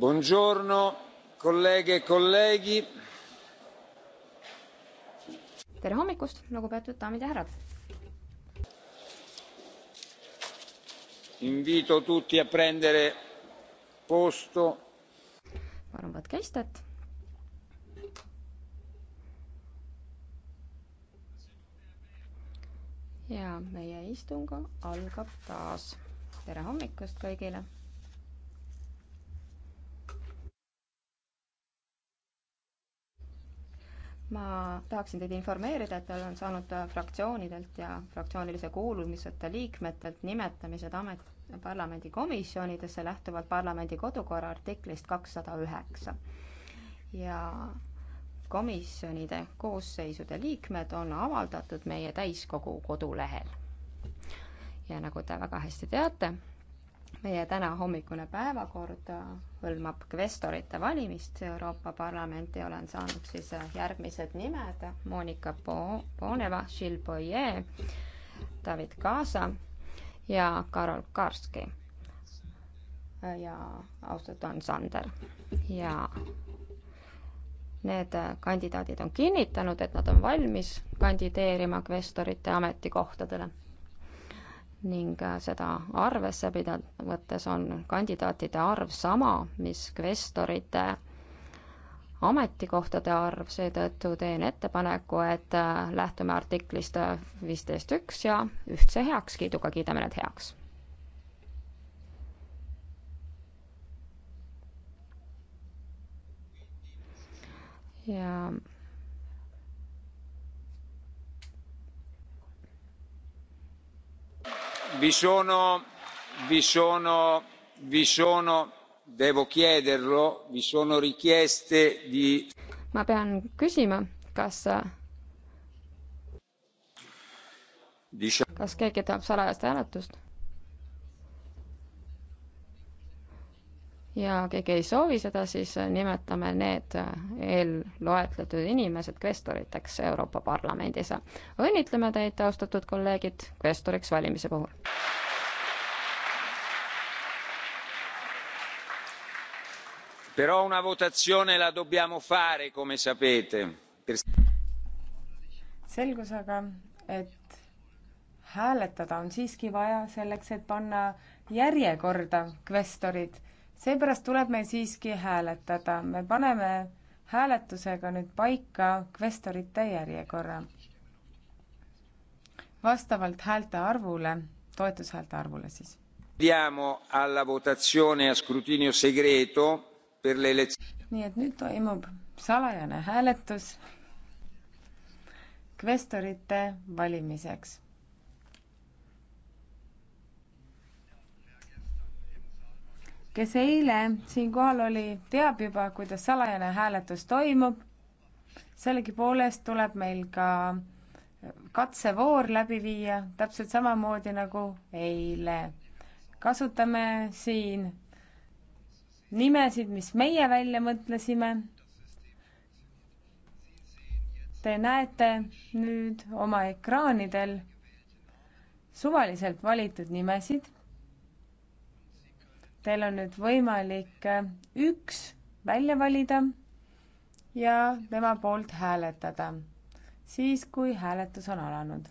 buongiorno kolleege ja e kolleegid. tere hommikust, lugupeetud daamid ja härrad. Invito tutti a prendere posto. palun võtke istet. ja meie istung algab taas. tere hommikust kõigile ma tahaksin teid informeerida, et olen saanud fraktsioonidelt ja fraktsioonilise kuulumiseta liikmetelt nimetamised amet, parlamendikomisjonidesse lähtuvalt parlamendi kodukorra artiklist kakssada üheksa. ja komisjonide koosseisude liikmed on avaldatud meie täiskogu kodulehel. ja nagu te väga hästi teate, meie tänahommikune päevakord hõlmab kvestorite valimist Euroopa Parlamenti, olen saanud siis äh, järgmised nimed Monika po-, Poneva, Gilles Boyer, David Kaasa ja Karol Karski. Äh, ja austatud on Sander ja need äh, kandidaadid on kinnitanud, et nad on valmis kandideerima kvestorite ametikohtadele ning äh, seda arvesse pidada võttes on kandidaatide arv sama, mis kvestorite ametikohtade arv, seetõttu teen ettepaneku, et äh, lähtume artiklist äh, viisteist üks ja ühtse heakskiiduga kiidame need heaks. ja vi sono vi sono vi sono devo chiederlo vi sono richieste di ma pean küsima kas kas keegi tahab salajast hääletust ja keegi ei soovi seda, siis nimetame need eelloetletud inimesed kvestoriteks Euroopa Parlamendis. õnnitleme teid, austatud kolleegid, kvestoriks valimise puhul. Però una votazione la dobbiamo fare, come sapete. selgus aga, et hääletada on siiski vaja selleks, et panna järjekorda kvestorid seepärast tuleb meil siiski hääletada, me paneme hääletusega nüüd paika kvestorite järjekorra. vastavalt häälte arvule, toetushäälte arvule siis. nii et nüüd toimub salajane hääletus kvestorite valimiseks kes eile siin kohal oli, teab juba, kuidas salajane hääletus toimub. sellegipoolest tuleb meil ka katsevoor läbi viia, täpselt samamoodi nagu eile. kasutame siin nimesid, mis meie välja mõtlesime. Te näete nüüd oma ekraanidel suvaliselt valitud nimesid Teil on nüüd võimalik äh, üks välja valida ja tema poolt hääletada, siis kui hääletus on alanud.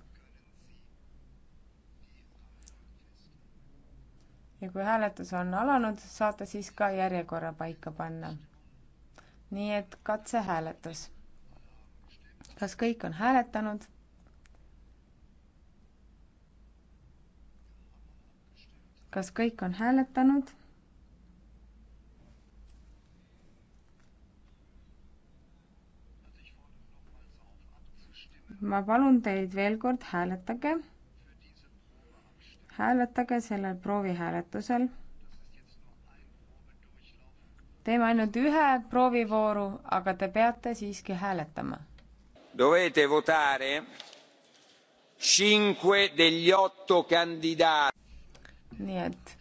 ja kui hääletus on alanud, saate siis ka järjekorra paika panna. nii et katsehääletus. kas kõik on hääletanud? kas kõik on hääletanud? ma palun teid veel kord, hääletage, hääletage sellel proovihääletusel. teeme ainult ühe proovivooru, aga te peate siiski hääletama. Dovete votare cinque degli otto candidaati. nii et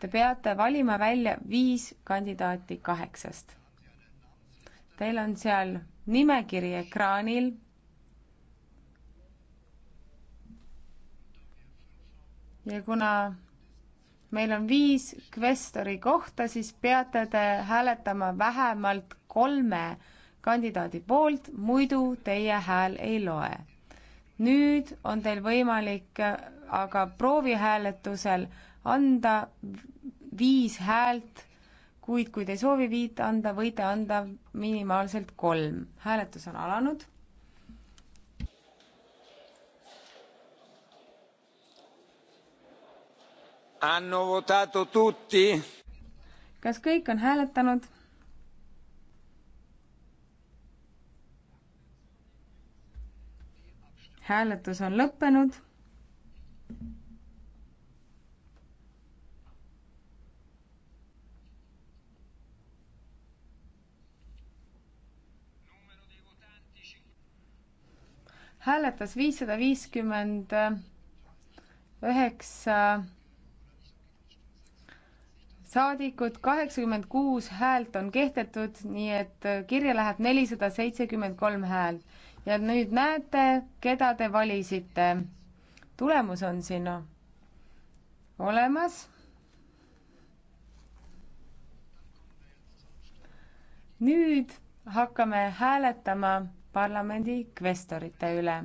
te peate valima välja viis kandidaati kaheksast. Teil on seal nimekiri ekraanil. ja kuna meil on viis kvestori kohta, siis peate te hääletama vähemalt kolme kandidaadi poolt, muidu teie hääl ei loe. nüüd on teil võimalik aga proovihääletusel anda viis häält kuid kui te ei soovi viit anda, võite anda minimaalselt kolm. hääletus on alanud. Hanno votato tutti? kas kõik on hääletanud? hääletus on lõppenud hääletas viissada viiskümmend üheksa saadikut, kaheksakümmend kuus häält on kehtetud, nii et kirja läheb nelisada seitsekümmend kolm häält. ja nüüd näete, keda te valisite. tulemus on siin olemas. nüüd hakkame hääletama parlamendi kvestorite üle,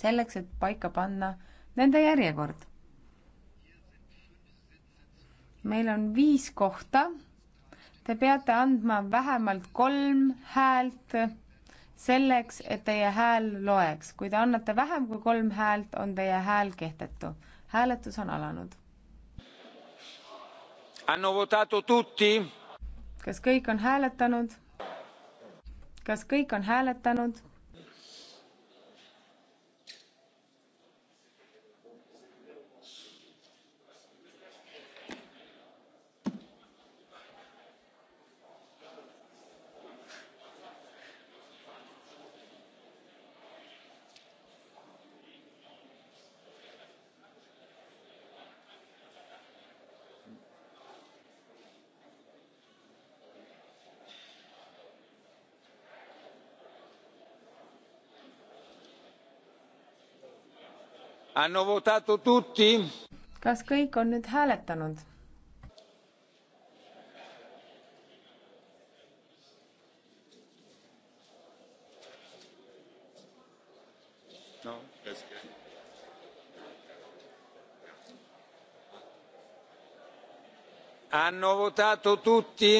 selleks, et paika panna nende järjekord. meil on viis kohta, te peate andma vähemalt kolm häält selleks, et teie hääl loeks. kui te annate vähem kui kolm häält, on teie hääl kehtetu. hääletus on alanud. kas kõik on hääletanud? kas kõik on hääletanud? kas kõik on nüüd hääletanud? No, es que... hanno votato tutti?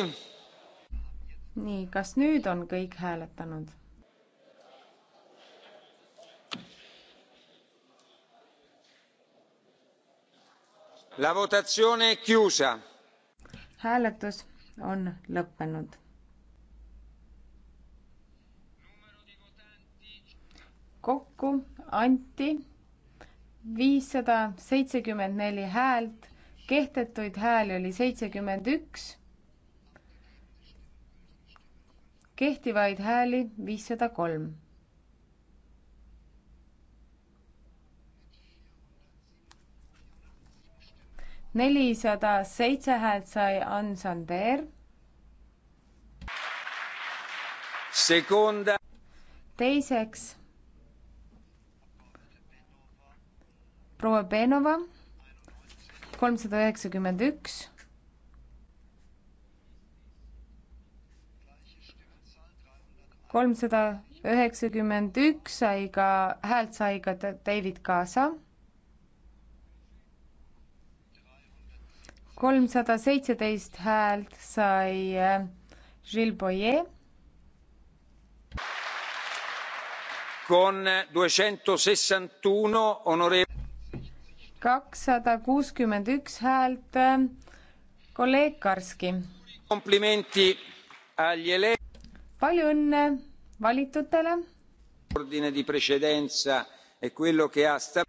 nii, kas nüüd on kõik hääletanud? La votazione chiusa. hääletus on lõppenud. kokku anti viissada seitsekümmend neli häält, kehtetuid hääli oli seitsekümmend üks, kehtivaid hääli viissada kolm nelisada seitse häält sai Ann Sander. teiseks proua Benova kolmsada üheksakümmend üks. kolmsada üheksakümmend üks sai ka, häält sai ka David Kaasa kolmsada seitseteist häält sai eh, Gilles Boyer. con duecentosessantuno onore-. kakssada kuuskümmend üks häält eh, kolleeg Karski. komplimenti agli ele-. palju õnne valitutele. ordine di precedenza è quello che ha sta-.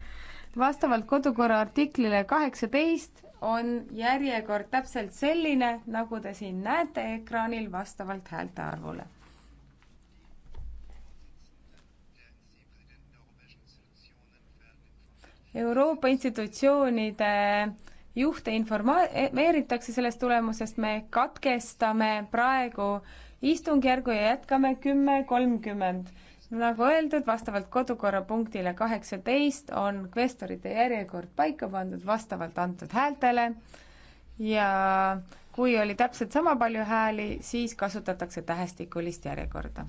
vastavalt kodukorra artiklile kaheksateist on järjekord täpselt selline, nagu te siin näete ekraanil vastavalt häälte arvule. Euroopa institutsioonide juhte informeeritakse sellest tulemusest, me katkestame praegu istungjärgu ja jätkame kümme kolmkümmend nagu öeldud, vastavalt kodukorra punktile kaheksateist on kvestorite järjekord paika pandud vastavalt antud häältele ja kui oli täpselt sama palju hääli, siis kasutatakse tähestikulist järjekorda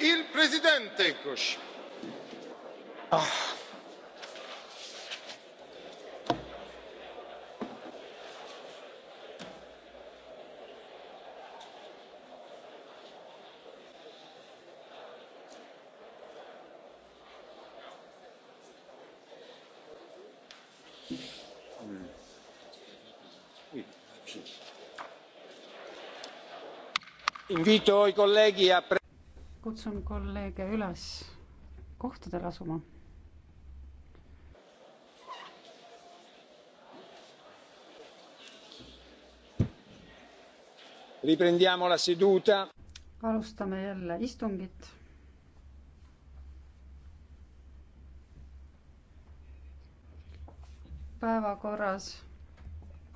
il presidente ah. invito i colleghi a kutsun kolleege üles kohtadele asuma. Riprendiamo la seduta. alustame jälle istungit. päevakorras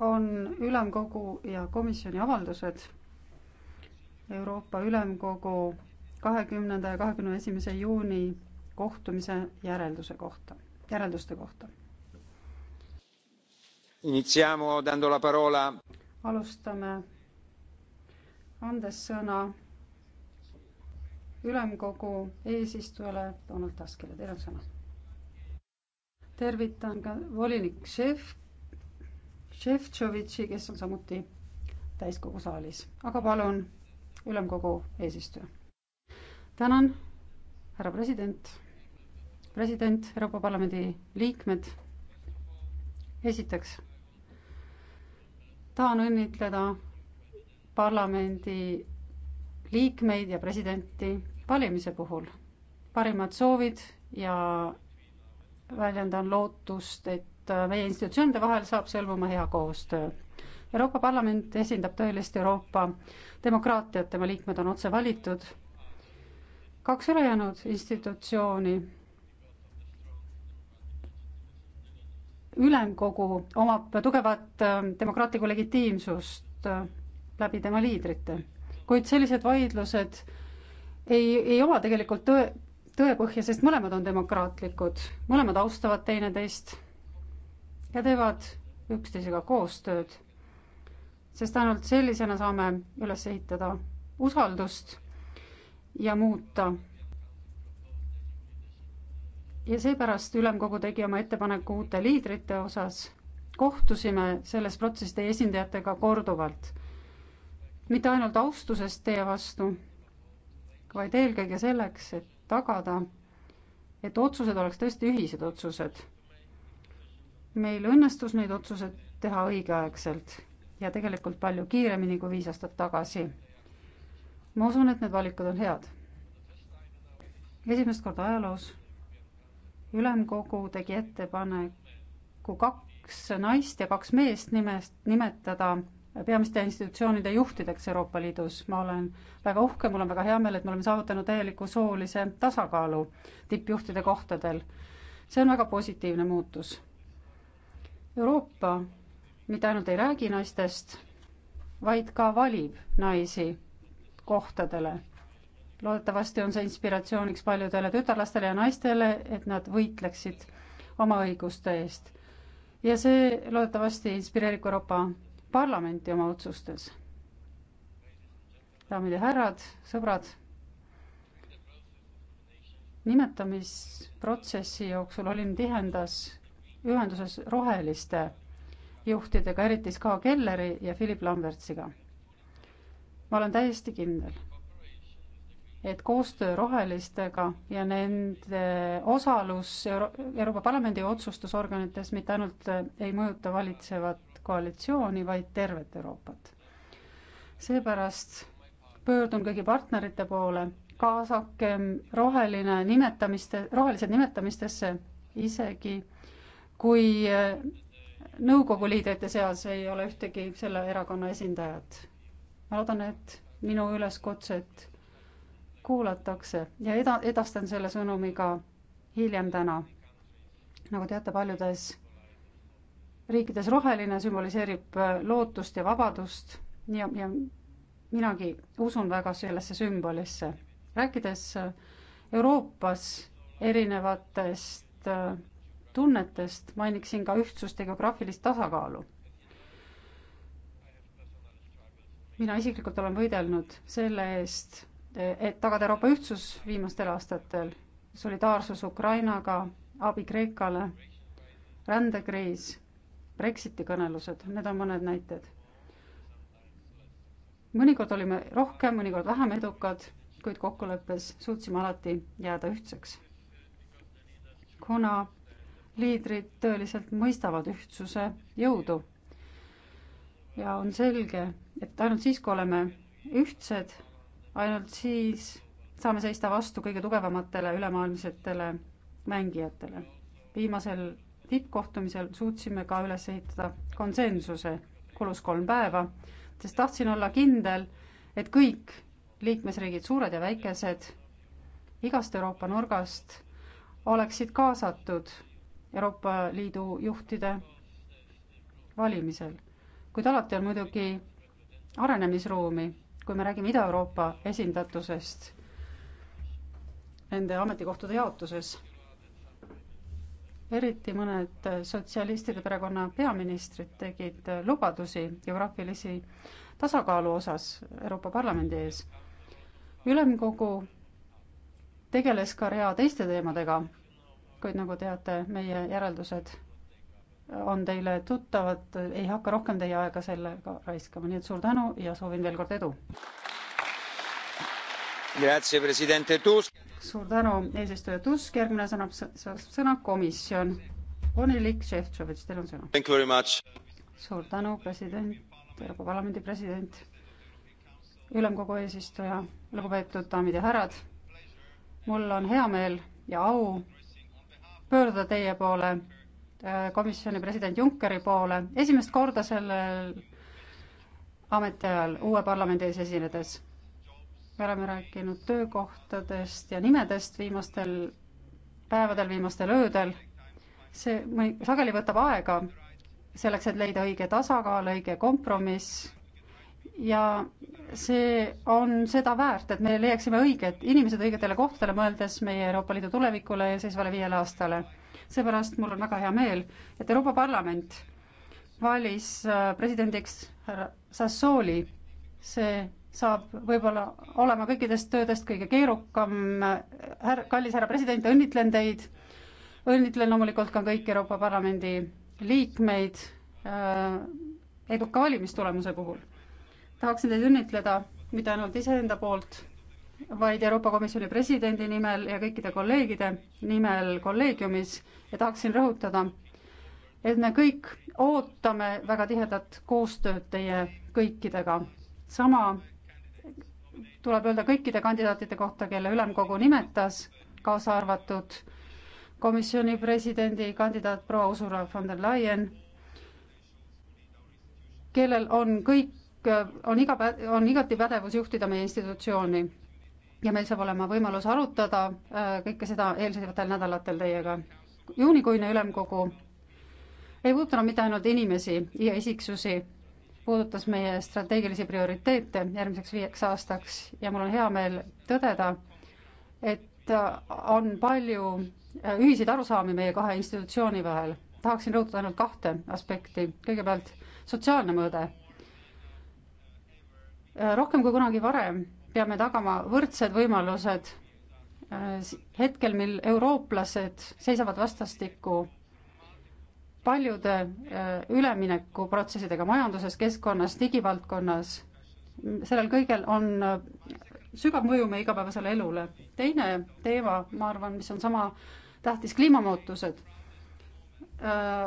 on ülemkogu ja komisjoni avaldused Euroopa Ülemkogu kahekümnenda ja kahekümne esimese juuni kohtumise järelduse kohta, järelduste kohta. alustame, andes sõna ülemkogu eesistujale Donald Tuskile, teil on sõna. tervitan ka volinik Šef-, Šeftšovitši, kes on samuti täiskogu saalis, aga palun, ülemkogu eesistuja tänan, härra president, president, Euroopa Parlamendi liikmed. esiteks tahan õnnitleda parlamendi liikmeid ja presidenti valimise puhul. parimad soovid ja väljendan lootust, et meie institutsioonide vahel saab sõlmuma hea koostöö. Euroopa Parlament esindab tõelist Euroopa demokraatiat, tema liikmed on otse valitud kaks ülejäänud institutsiooni, ülemkogu omab tugevat äh, demokraatlikku legitiimsust äh, läbi tema liidrite, kuid sellised vaidlused ei, ei oma tegelikult tõe, tõepõhja, sest mõlemad on demokraatlikud, mõlemad austavad teineteist ja teevad üksteisega koostööd. sest ainult sellisena saame üles ehitada usaldust ja muuta. ja seepärast ülemkogu tegi oma ettepaneku uute liidrite osas. kohtusime selles protsessis teie esindajatega korduvalt. mitte ainult austusest teie vastu, vaid eelkõige selleks, et tagada, et otsused oleks tõesti ühised otsused. meil õnnestus neid otsuseid teha õigeaegselt ja tegelikult palju kiiremini kui viis aastat tagasi ma usun, et need valikud on head. esimest korda ajaloos ülemkogu tegi ettepaneku kaks naist ja kaks meest nimest, nimetada peamiste institutsioonide juhtideks Euroopa Liidus. ma olen väga uhke, mul on väga hea meel, et me oleme saavutanud täieliku soolise tasakaalu tippjuhtide kohtadel. see on väga positiivne muutus. Euroopa mitte ainult ei räägi naistest, vaid ka valib naisi kohtadele. loodetavasti on see inspiratsiooniks paljudele tütarlastele ja naistele, et nad võitleksid oma õiguste eest. ja see loodetavasti inspireerib ka Euroopa Parlamenti oma otsustes. daamid ja härrad, sõbrad, nimetamisprotsessi jooksul olin tihendas ühenduses roheliste juhtidega, eriti Ska Kelleri ja Philip Lambertsiga ma olen täiesti kindel, et koostöö rohelistega ja nende osalus Euro Euroopa Parlamendi otsustusorganites mitte ainult ei mõjuta valitsevat koalitsiooni, vaid tervet Euroopat. seepärast pöördun kõigi partnerite poole, kaasakem roheline nimetamiste, rohelised nimetamistesse, isegi kui nõukogu liidrite seas ei ole ühtegi selle erakonna esindajat ma loodan, et minu üleskutset kuulatakse ja eda-, edastan selle sõnumi ka hiljem täna. nagu teate, paljudes riikides roheline sümboliseerib äh, lootust ja vabadust ja, ja minagi usun väga sellesse sümbolisse. rääkides äh, Euroopas erinevatest äh, tunnetest, mainiksin ka ühtsust ja geograafilist tasakaalu mina isiklikult olen võidelnud selle eest, et tagada Euroopa ühtsus viimastel aastatel, solidaarsus Ukrainaga, abi Kreekale, rändekriis, Brexiti kõnelused, need on mõned näited. mõnikord olime rohkem, mõnikord vähem edukad, kuid kokkuleppes suutsime alati jääda ühtseks. kuna liidrid tõeliselt mõistavad ühtsuse jõudu ja on selge, et ainult siis, kui oleme ühtsed, ainult siis saame seista vastu kõige tugevamatele ülemaailmsetele mängijatele. viimasel tippkohtumisel suutsime ka üles ehitada konsensuse, kulus kolm päeva, sest tahtsin olla kindel, et kõik liikmesriigid, suured ja väikesed, igast Euroopa nurgast oleksid kaasatud Euroopa Liidu juhtide valimisel kuid alati on muidugi arenemisruumi, kui me räägime Ida-Euroopa esindatusest nende ametikohtade jaotuses. eriti mõned sotsialistide perekonna peaministrid tegid lubadusi geograafilisi tasakaalu osas Euroopa Parlamendi ees. ülemkogu tegeles ka rea teiste teemadega, kuid nagu teate, meie järeldused on teile tuttavad, ei hakka rohkem teie aega sellega raiskama, nii et suur tänu ja soovin veel kord edu. suur tänu, eesistuja Tusk, järgmine sõnab, saab sõna komisjon. Onilik Šeftšovitš, teil on sõna. suur tänu, president, Euroopa Parlamendi president, ülemkogu eesistuja, lugupeetud daamid ja härrad. mul on hea meel ja au pöörduda teie poole Äh, komisjoni president Junckeri poole esimest korda sellel ametiajal uue parlamendi ees esinedes. me oleme rääkinud töökohtadest ja nimedest viimastel päevadel, viimastel öödel. see mõi-, sageli võtab aega selleks, et leida õige tasakaal, õige kompromiss ja see on seda väärt, et me leiaksime õiged inimesed õigetele kohtadele, mõeldes meie Euroopa Liidu tulevikule ja seisvale viiele aastale seepärast mul on väga hea meel, et Euroopa Parlament valis äh, presidendiks härra Sassooli. see saab võib-olla olema kõikidest töödest kõige keerukam. Äh, härra, kallis härra president, õnnitlen teid. õnnitlen loomulikult ka kõiki Euroopa Parlamendi liikmeid äh, eduka valimistulemuse puhul. tahaksin teid õnnitleda mitte ainult iseenda poolt vaid Euroopa Komisjoni presidendi nimel ja kõikide kolleegide nimel kolleegiumis ja tahaksin rõhutada, et me kõik ootame väga tihedat koostööd teie kõikidega. sama tuleb öelda kõikide kandidaatide kohta, kelle ülemkogu nimetas, kaasa arvatud komisjoni presidendi kandidaat proua Ursula von der Leyen, kellel on kõik, on iga, on igati pädevus juhtida meie institutsiooni ja meil saab olema võimalus arutada äh, kõike seda eelseisvatel nädalatel teiega. juunikuine ülemkogu ei puudutanud mitte ainult inimesi ja isiksusi, puudutas meie strateegilisi prioriteete järgmiseks viieks aastaks ja mul on hea meel tõdeda, et on palju äh, ühiseid arusaami meie kahe institutsiooni vahel. tahaksin rõhutada ainult kahte aspekti, kõigepealt sotsiaalne mõõde. Äh, rohkem kui kunagi varem peame tagama võrdsed võimalused äh, hetkel, mil eurooplased seisavad vastastikku paljude äh, üleminekuprotsessidega majanduses, keskkonnas, digivaldkonnas. sellel kõigel on äh, sügav mõju meie igapäevasele elule. teine teema, ma arvan, mis on sama tähtis, kliimamuutused.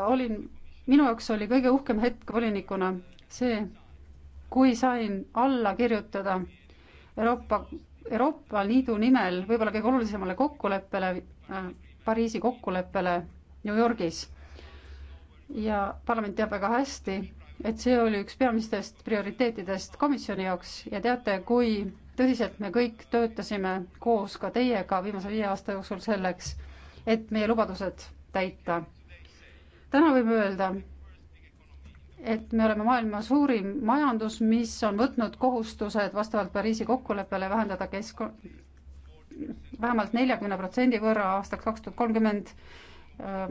olin, minu jaoks oli kõige uhkem hetk volinikuna see, kui sain alla kirjutada Euroopa, Euroopa Liidu nimel võib-olla kõige olulisemale kokkuleppele äh,, Pariisi kokkuleppele New Yorgis. ja parlament teab väga hästi, et see oli üks peamistest prioriteetidest komisjoni jaoks ja teate, kui tõsiselt me kõik töötasime koos ka teiega viimase viie aasta jooksul selleks, et meie lubadused täita. täna võime öelda, et me oleme maailma suurim majandus, mis on võtnud kohustused vastavalt Pariisi kokkuleppele vähendada kesk-, vähemalt neljakümne protsendi võrra aastaks kaks tuhat kolmkümmend äh,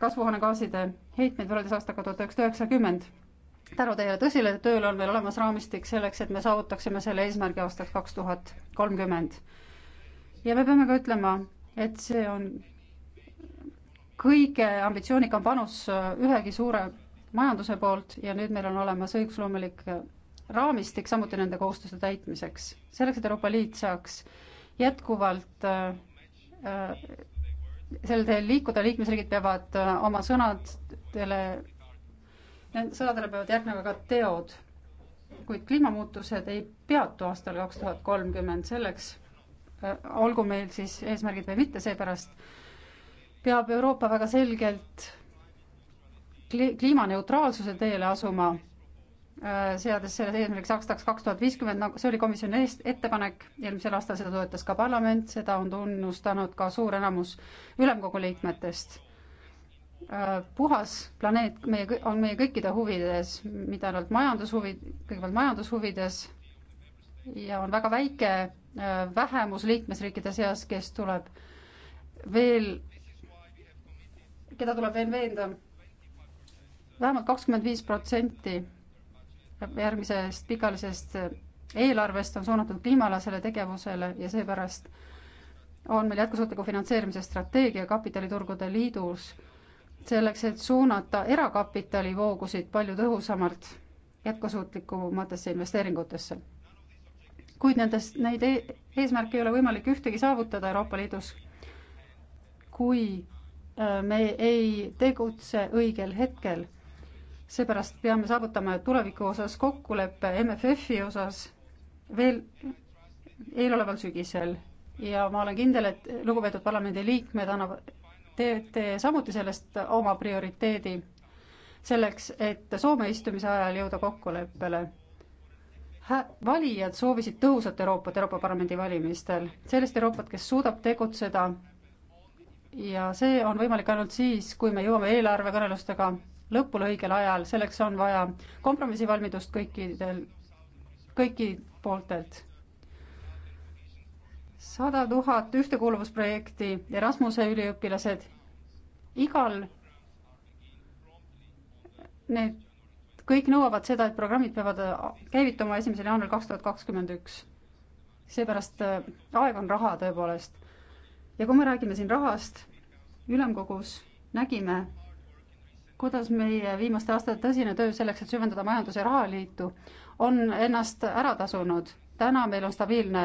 kasvuhoonegaaside heitmeid võrreldes aastaga tuhat üheksasada üheksakümmend. tänu teie tõsile tööle on meil olemas raamistik selleks, et me saavutaksime selle eesmärgi aastaks kaks tuhat kolmkümmend. ja me peame ka ütlema, et see on kõige ambitsioonikam panus ühegi suure majanduse poolt ja nüüd meil on olemas õigusloomulik raamistik samuti nende kohustuste täitmiseks. selleks, et Euroopa Liit saaks jätkuvalt äh, äh sel teel liikuda, liikmesriigid peavad äh, oma sõnadele, sõnadele peavad järgnema ka teod. kuid kliimamuutused ei peatu aastal kaks tuhat kolmkümmend, selleks äh, olgu meil siis eesmärgid või mitte, seepärast peab Euroopa väga selgelt kli-, kliimaneutraalsuse teele asuma, äh, seades selle eesmärgiks aastaks kaks tuhat viiskümmend, nagu see oli komisjoni eest-, ettepanek, eelmisel aastal seda toetas ka parlament, seda on tunnustanud ka suur enamus ülemkogu liikmetest. Äh, puhas planeet meie, on meie kõikide huvides, mitte ainult majandushuvi, kõigepealt majandushuvides, ja on väga väike äh, vähemus liikmesriikide seas, kes tuleb veel, keda tuleb veel veenda vähemalt kakskümmend viis protsenti järgmisest pikaajalisest eelarvest on suunatud kliimalasele tegevusele ja seepärast on meil jätkusuutliku finantseerimise strateegia kapitaliturgude liidus selleks, et suunata erakapitali voogusid palju tõhusamalt jätkusuutlikumatesse investeeringutesse. kuid nendest, neid e-, eesmärke ei ole võimalik ühtegi saavutada Euroopa Liidus, kui äh, me ei tegutse õigel hetkel seepärast peame saavutama tuleviku osas kokkuleppe MFF-i osas veel eeloleval sügisel ja ma olen kindel, et lugupeetud parlamendiliikmed annavad, teete samuti sellest oma prioriteedi selleks, et Soome istumise ajal jõuda kokkuleppele. valijad soovisid tõhusat Euroopat Euroopa Parlamendi valimistel, sellist Euroopat, kes suudab tegutseda ja see on võimalik ainult siis, kui me jõuame eelarvekõnelustega lõpule õigel ajal, selleks on vaja kompromissivalmidust kõikidel, kõiki pooltelt. sada tuhat ühtekuuluvusprojekti, Erasmuse üliõpilased, igal need kõik nõuavad seda, et programmid peavad käivituma esimesel jaanuaril kaks tuhat kakskümmend üks. seepärast äh, aeg on raha tõepoolest. ja kui me räägime siin rahast, ülemkogus nägime, kuidas meie viimaste aastate tõsine töö selleks, et süvendada majandus- ja rahaliitu, on ennast ära tasunud. täna meil on stabiilne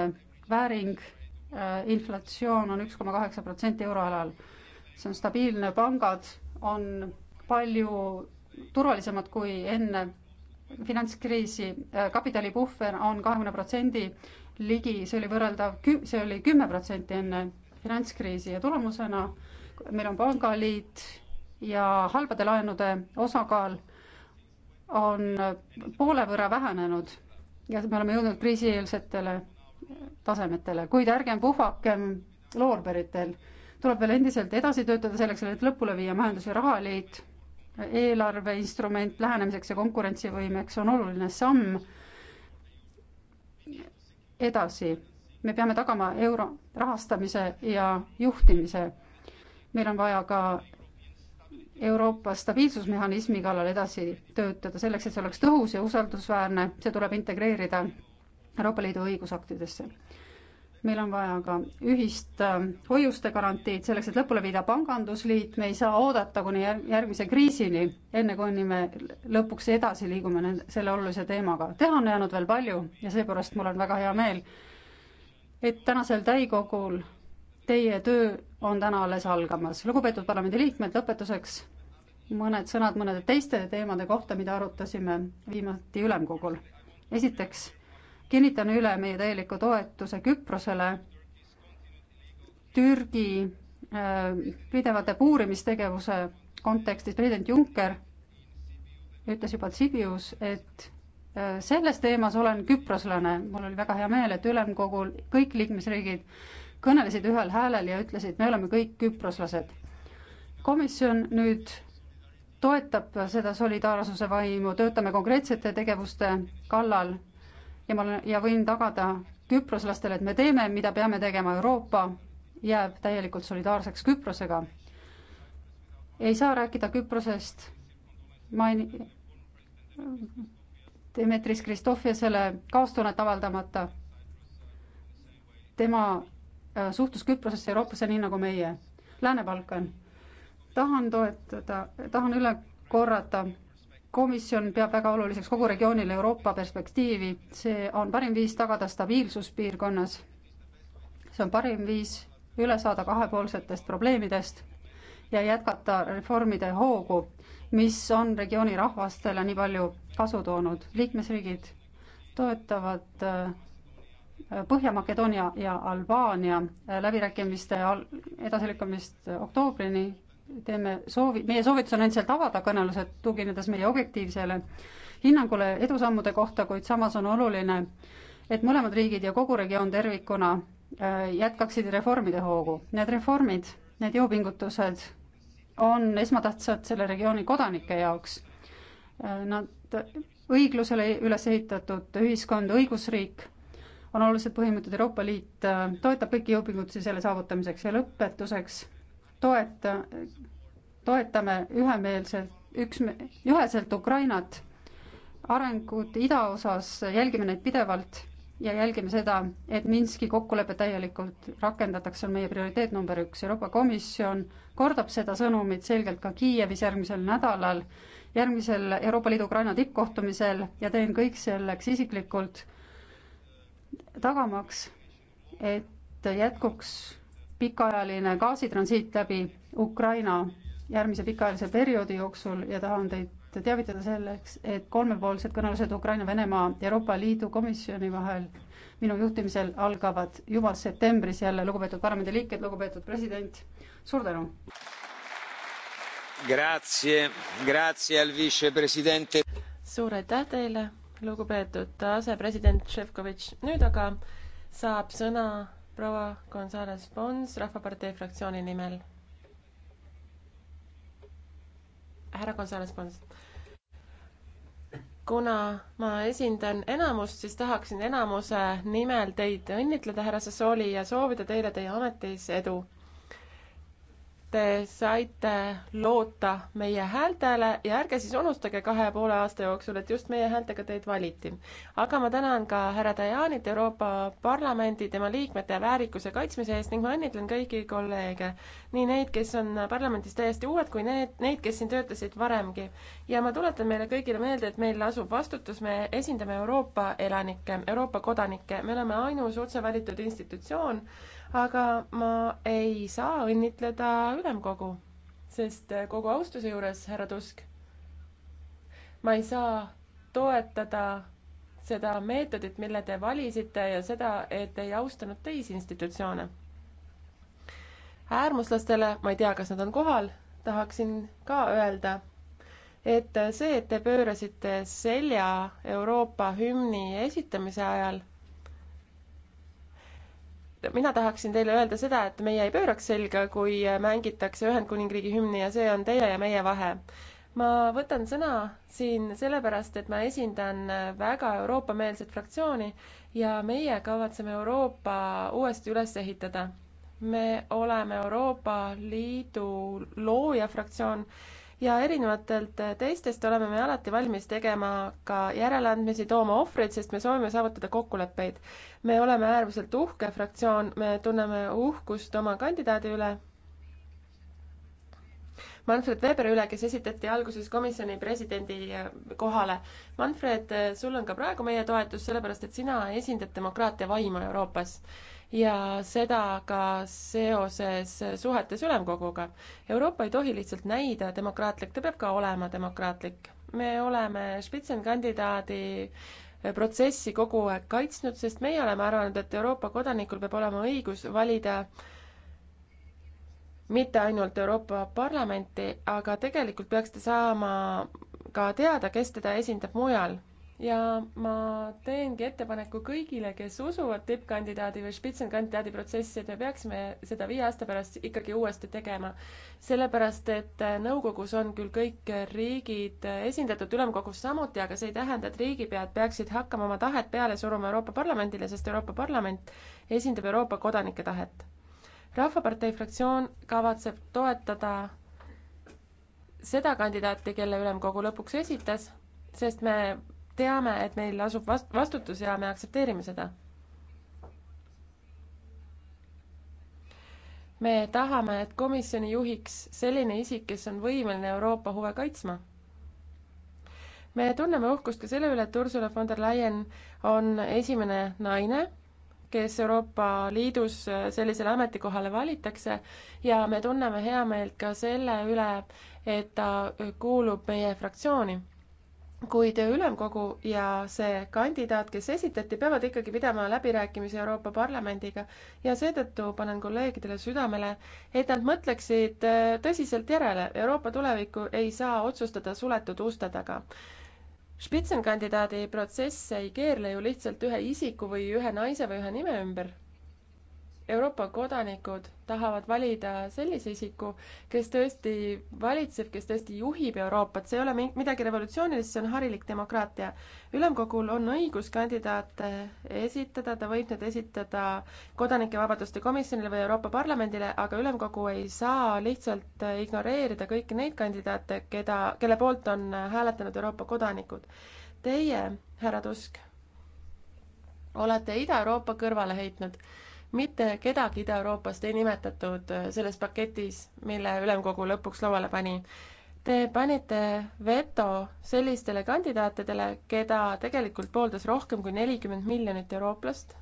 vääring, äh, inflatsioon on üks koma kaheksa protsenti euroalal. see on stabiilne, pangad on palju turvalisemad kui enne finantskriisi, äh, kapitalipuhver on kahekümne protsendi ligi, see oli võrreldav, see oli kümme protsenti enne finantskriisi ja tulemusena meil on pangaliit ja halbade laenude osakaal on poole võrra vähenenud ja me oleme jõudnud kriisieelsetele tasemetele, kuid ärgem puhvakem loorberitel. tuleb veel endiselt edasi töötada selleks, et lõpule viia majandus- ja rahaliit, eelarveinstrument lähenemiseks ja konkurentsivõimeks on oluline samm edasi. me peame tagama euro rahastamise ja juhtimise. meil on vaja ka Euroopa stabiilsusmehhanismi kallal edasi töötada, selleks et see oleks tõhus ja usaldusväärne, see tuleb integreerida Euroopa Liidu õigusaktidesse. meil on vaja ka ühist äh, hoiuste garantiid, selleks et lõpule viida pangandusliit, me ei saa oodata kuni järgmise kriisini, enne kuni me lõpuks edasi liigume selle olulise teemaga. teha on jäänud veel palju ja seepärast mul on väga hea meel, et tänasel täikogul Teie töö on täna alles algamas. lugupeetud parlamendiliikmed, lõpetuseks mõned sõnad mõnede teiste teemade kohta, mida arutasime viimati ülemkogul. esiteks kinnitan üle meie täieliku toetuse Küprosele Türgi äh, pidevate puurimistegevuse kontekstis. president Juncker ütles juba Sibius, et äh, selles teemas olen küproslane, mul oli väga hea meel, et ülemkogul kõik liikmesriigid kõnelesid ühel häälel ja ütlesid, me oleme kõik küproslased. komisjon nüüd toetab seda solidaarsuse vaimu, töötame konkreetsete tegevuste kallal ja ma olen ja võin tagada küproslastele, et me teeme, mida peame tegema, Euroopa jääb täielikult solidaarseks Küprosega. ei saa rääkida Küprosest main-, Demetris Kristofjasele kaastunnet avaldamata. tema Äh, suhtlus Küprosesse Euroopasse, nii nagu meie. Lääne-Balkan. tahan toetada, tahan üle korrata, komisjon peab väga oluliseks kogu regioonile Euroopa perspektiivi, see on parim viis tagada stabiilsus piirkonnas. see on parim viis üle saada kahepoolsetest probleemidest ja jätkata reformide hoogu, mis on regiooni rahvastele nii palju kasu toonud. liikmesriigid toetavad äh, Põhja-Makedoonia ja Albaania läbirääkimiste edasilükkamist oktoobrini teeme soovi, meie soovitus on endiselt avada kõnelused, tuginedes meie objektiivsele hinnangule edusammude kohta, kuid samas on oluline, et mõlemad riigid ja kogu regioon tervikuna äh, jätkaksid reformide hoogu. Need reformid, need jõupingutused on esmatähtsad selle regiooni kodanike jaoks. Äh, nad õiglusele üles ehitatud ühiskond, õigusriik on olulised põhimõtted, Euroopa Liit äh, toetab kõiki jõupingutusi selle saavutamiseks ja lõpetuseks toeta, toetame ühemeelselt, üks, üheselt Ukrainat, arengud idaosas jälgime neid pidevalt ja jälgime seda, et Minski kokkulepe täielikult rakendatakse, on meie prioriteet number üks. Euroopa Komisjon kordab seda sõnumit selgelt ka Kiievis järgmisel nädalal, järgmisel Euroopa Liidu Ukraina tippkohtumisel ja teen kõik selleks isiklikult tagamaks, et jätkuks pikaajaline gaasitransiit läbi Ukraina järgmise pikaajalise perioodi jooksul ja tahan teid teavitada selleks, et kolmepoolsed kõnelused Ukraina, Venemaa, Euroopa Liidu komisjoni vahel minu juhtimisel algavad juba septembris jälle, lugupeetud parlamendiliikmed, lugupeetud president, suur tänu! suur aitäh teile! lugupeetud asepresident Šefkovitš, nüüd aga saab sõna proua Gonzales Pons Rahvapartei fraktsiooni nimel. härra Gonzales Pons kuna ma esindan enamust, siis tahaksin enamuse nimel teid õnnitleda, härra Sassooli, ja soovida teile teie ametis edu te saite loota meie häältele ja ärge siis unustage kahe ja poole aasta jooksul, et just meie häältega teid valiti. aga ma tänan ka härra Dajanit, Euroopa Parlamendi, tema liikmete väärikuse kaitsmise eest ning ma õnnitlen kõiki kolleege. nii neid, kes on parlamendis täiesti uued, kui need, neid, kes siin töötasid varemgi. ja ma tuletan meile kõigile meelde, et meil lasub vastutus, me esindame Euroopa elanikke, Euroopa kodanikke, me oleme ainus otse valitud institutsioon aga ma ei saa õnnitleda ülemkogu, sest kogu austuse juures, härra Tusk, ma ei saa toetada seda meetodit, mille te valisite ja seda, et ei austanud teisi institutsioone. äärmuslastele, ma ei tea, kas nad on kohal, tahaksin ka öelda, et see, et te pöörasite selja Euroopa hümni esitamise ajal mina tahaksin teile öelda seda, et meie ei pööraks selga, kui mängitakse Ühendkuningriigi hümni ja see on teie ja meie vahe. ma võtan sõna siin sellepärast, et ma esindan väga Euroopa-meelset fraktsiooni ja meie kavatseme Euroopa uuesti üles ehitada. me oleme Euroopa Liidu looja fraktsioon ja erinevatelt teistest oleme me alati valmis tegema ka järeleandmisi, tooma ohvreid, sest me soovime saavutada kokkuleppeid. me oleme äärmiselt uhke fraktsioon, me tunneme uhkust oma kandidaadi üle, Manfred Weberi üle, kes esitati alguses komisjoni presidendi kohale. Manfred, sul on ka praegu meie toetus, sellepärast et sina esindad demokraatia vaimu Euroopas ja seda ka seoses suhetes ülemkoguga. Euroopa ei tohi lihtsalt näida demokraatlik, ta peab ka olema demokraatlik. me oleme spitsenkandidaadi protsessi kogu aeg kaitsnud, sest meie oleme arvanud, et Euroopa kodanikul peab olema õigus valida mitte ainult Euroopa Parlamenti, aga tegelikult peaks ta saama ka teada, kes teda esindab mujal ja ma teengi ettepaneku kõigile, kes usuvad tippkandidaadi või spitsenkandidaadi protsessi, et me peaksime seda viie aasta pärast ikkagi uuesti tegema. sellepärast, et nõukogus on küll kõik riigid esindatud, ülemkogus samuti, aga see ei tähenda, et riigipead peaksid hakkama oma tahet peale suruma Euroopa Parlamendile, sest Euroopa Parlament esindab Euroopa kodanike tahet. rahvapartei fraktsioon kavatseb toetada seda kandidaati, kelle ülemkogu lõpuks esitas, sest me teame, et meil asub vast-, vastutus ja me aktsepteerime seda. me tahame, et komisjoni juhiks selline isik, kes on võimeline Euroopa huve kaitsma. me tunneme uhkust ka selle üle, et Ursula von der Leyen on esimene naine, kes Euroopa Liidus sellisele ametikohale valitakse ja me tunneme heameelt ka selle üle, et ta kuulub meie fraktsiooni kuid Ülemkogu ja see kandidaat, kes esitati, peavad ikkagi pidama läbirääkimisi Euroopa Parlamendiga ja seetõttu panen kolleegidele südamele, et nad mõtleksid äh, tõsiselt järele, Euroopa tulevikku ei saa otsustada suletud uste taga. Spitzenkandidaadi protsess ei keerle ju lihtsalt ühe isiku või ühe naise või ühe nime ümber Euroopa kodanikud tahavad valida sellise isiku, kes tõesti valitseb, kes tõesti juhib Euroopat, see ei ole midagi revolutsioonilist, see on harilik demokraatia. ülemkogul on õigus kandidaate esitada, ta võib need esitada kodanike vabaduste komisjonile või Euroopa Parlamendile, aga ülemkogu ei saa lihtsalt ignoreerida kõiki neid kandidaate, keda, kelle poolt on hääletanud Euroopa kodanikud. Teie, härra Tusk, olete Ida-Euroopa kõrvale heitnud mitte kedagi Ida-Euroopast ei nimetatud äh, selles paketis, mille ülemkogu lõpuks lauale pani. Te panite veto sellistele kandidaatidele, keda tegelikult pooldas rohkem kui nelikümmend miljonit eurooplast.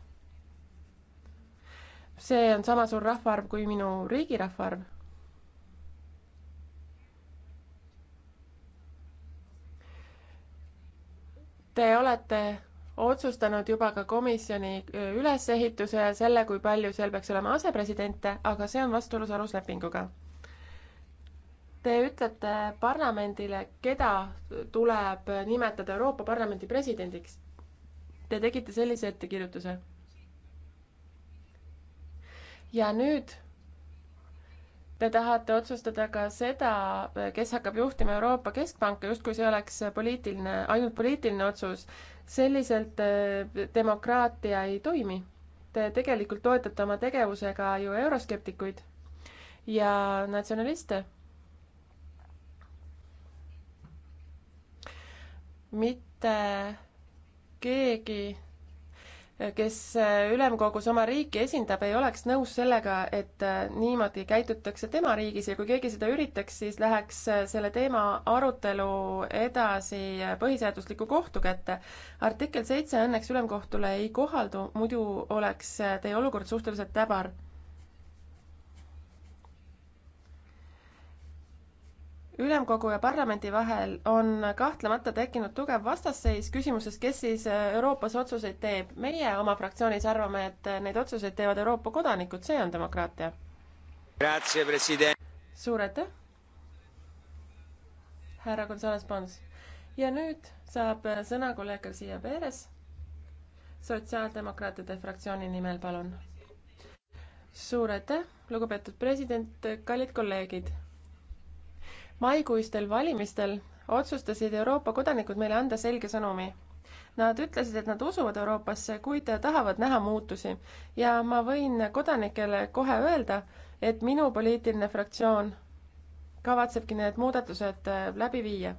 see on sama suur rahvaarv kui minu riigi rahvaarv te olete otsustanud juba ka komisjoni äh, ülesehituse ja selle, kui palju seal peaks olema asepresidente, aga see on vastuolus aluslepinguga. Te ütlete parlamendile, keda tuleb nimetada Euroopa Parlamendi presidendiks. Te tegite sellise ettekirjutuse. ja nüüd Te tahate otsustada ka seda, kes hakkab juhtima Euroopa Keskpanka, justkui see oleks poliitiline, ainult poliitiline otsus selliselt äh, demokraatia ei toimi. Te tegelikult toetate oma tegevusega ju euroskeptikuid ja natsionaliste. mitte keegi kes äh, ülemkogus oma riiki esindab, ei oleks nõus sellega, et äh, niimoodi käitutakse tema riigis ja kui keegi seda üritaks, siis läheks äh, selle teema arutelu edasi põhiseadusliku kohtu kätte. artikkel seitse õnneks ülemkohtule ei kohaldu, muidu oleks teie olukord suhteliselt täbar ülemkogu ja parlamendi vahel on kahtlemata tekkinud tugev vastasseis küsimuses, kes siis äh, Euroopas otsuseid teeb. meie oma fraktsioonis arvame, et äh, neid otsuseid teevad Euroopa kodanikud, see on demokraatia. suur aitäh, härra Gonzalez Pons. ja nüüd saab äh, sõna kolleeg Garcia Perez sotsiaaldemokraatide fraktsiooni nimel, palun. suur aitäh, lugupeetud president, kallid kolleegid maikuistel valimistel otsustasid Euroopa kodanikud meile anda selge sõnumi. Nad ütlesid, et nad usuvad Euroopasse, kuid tahavad näha muutusi ja ma võin kodanikele kohe öelda, et minu poliitiline fraktsioon kavatsebki need muudatused äh, läbi viia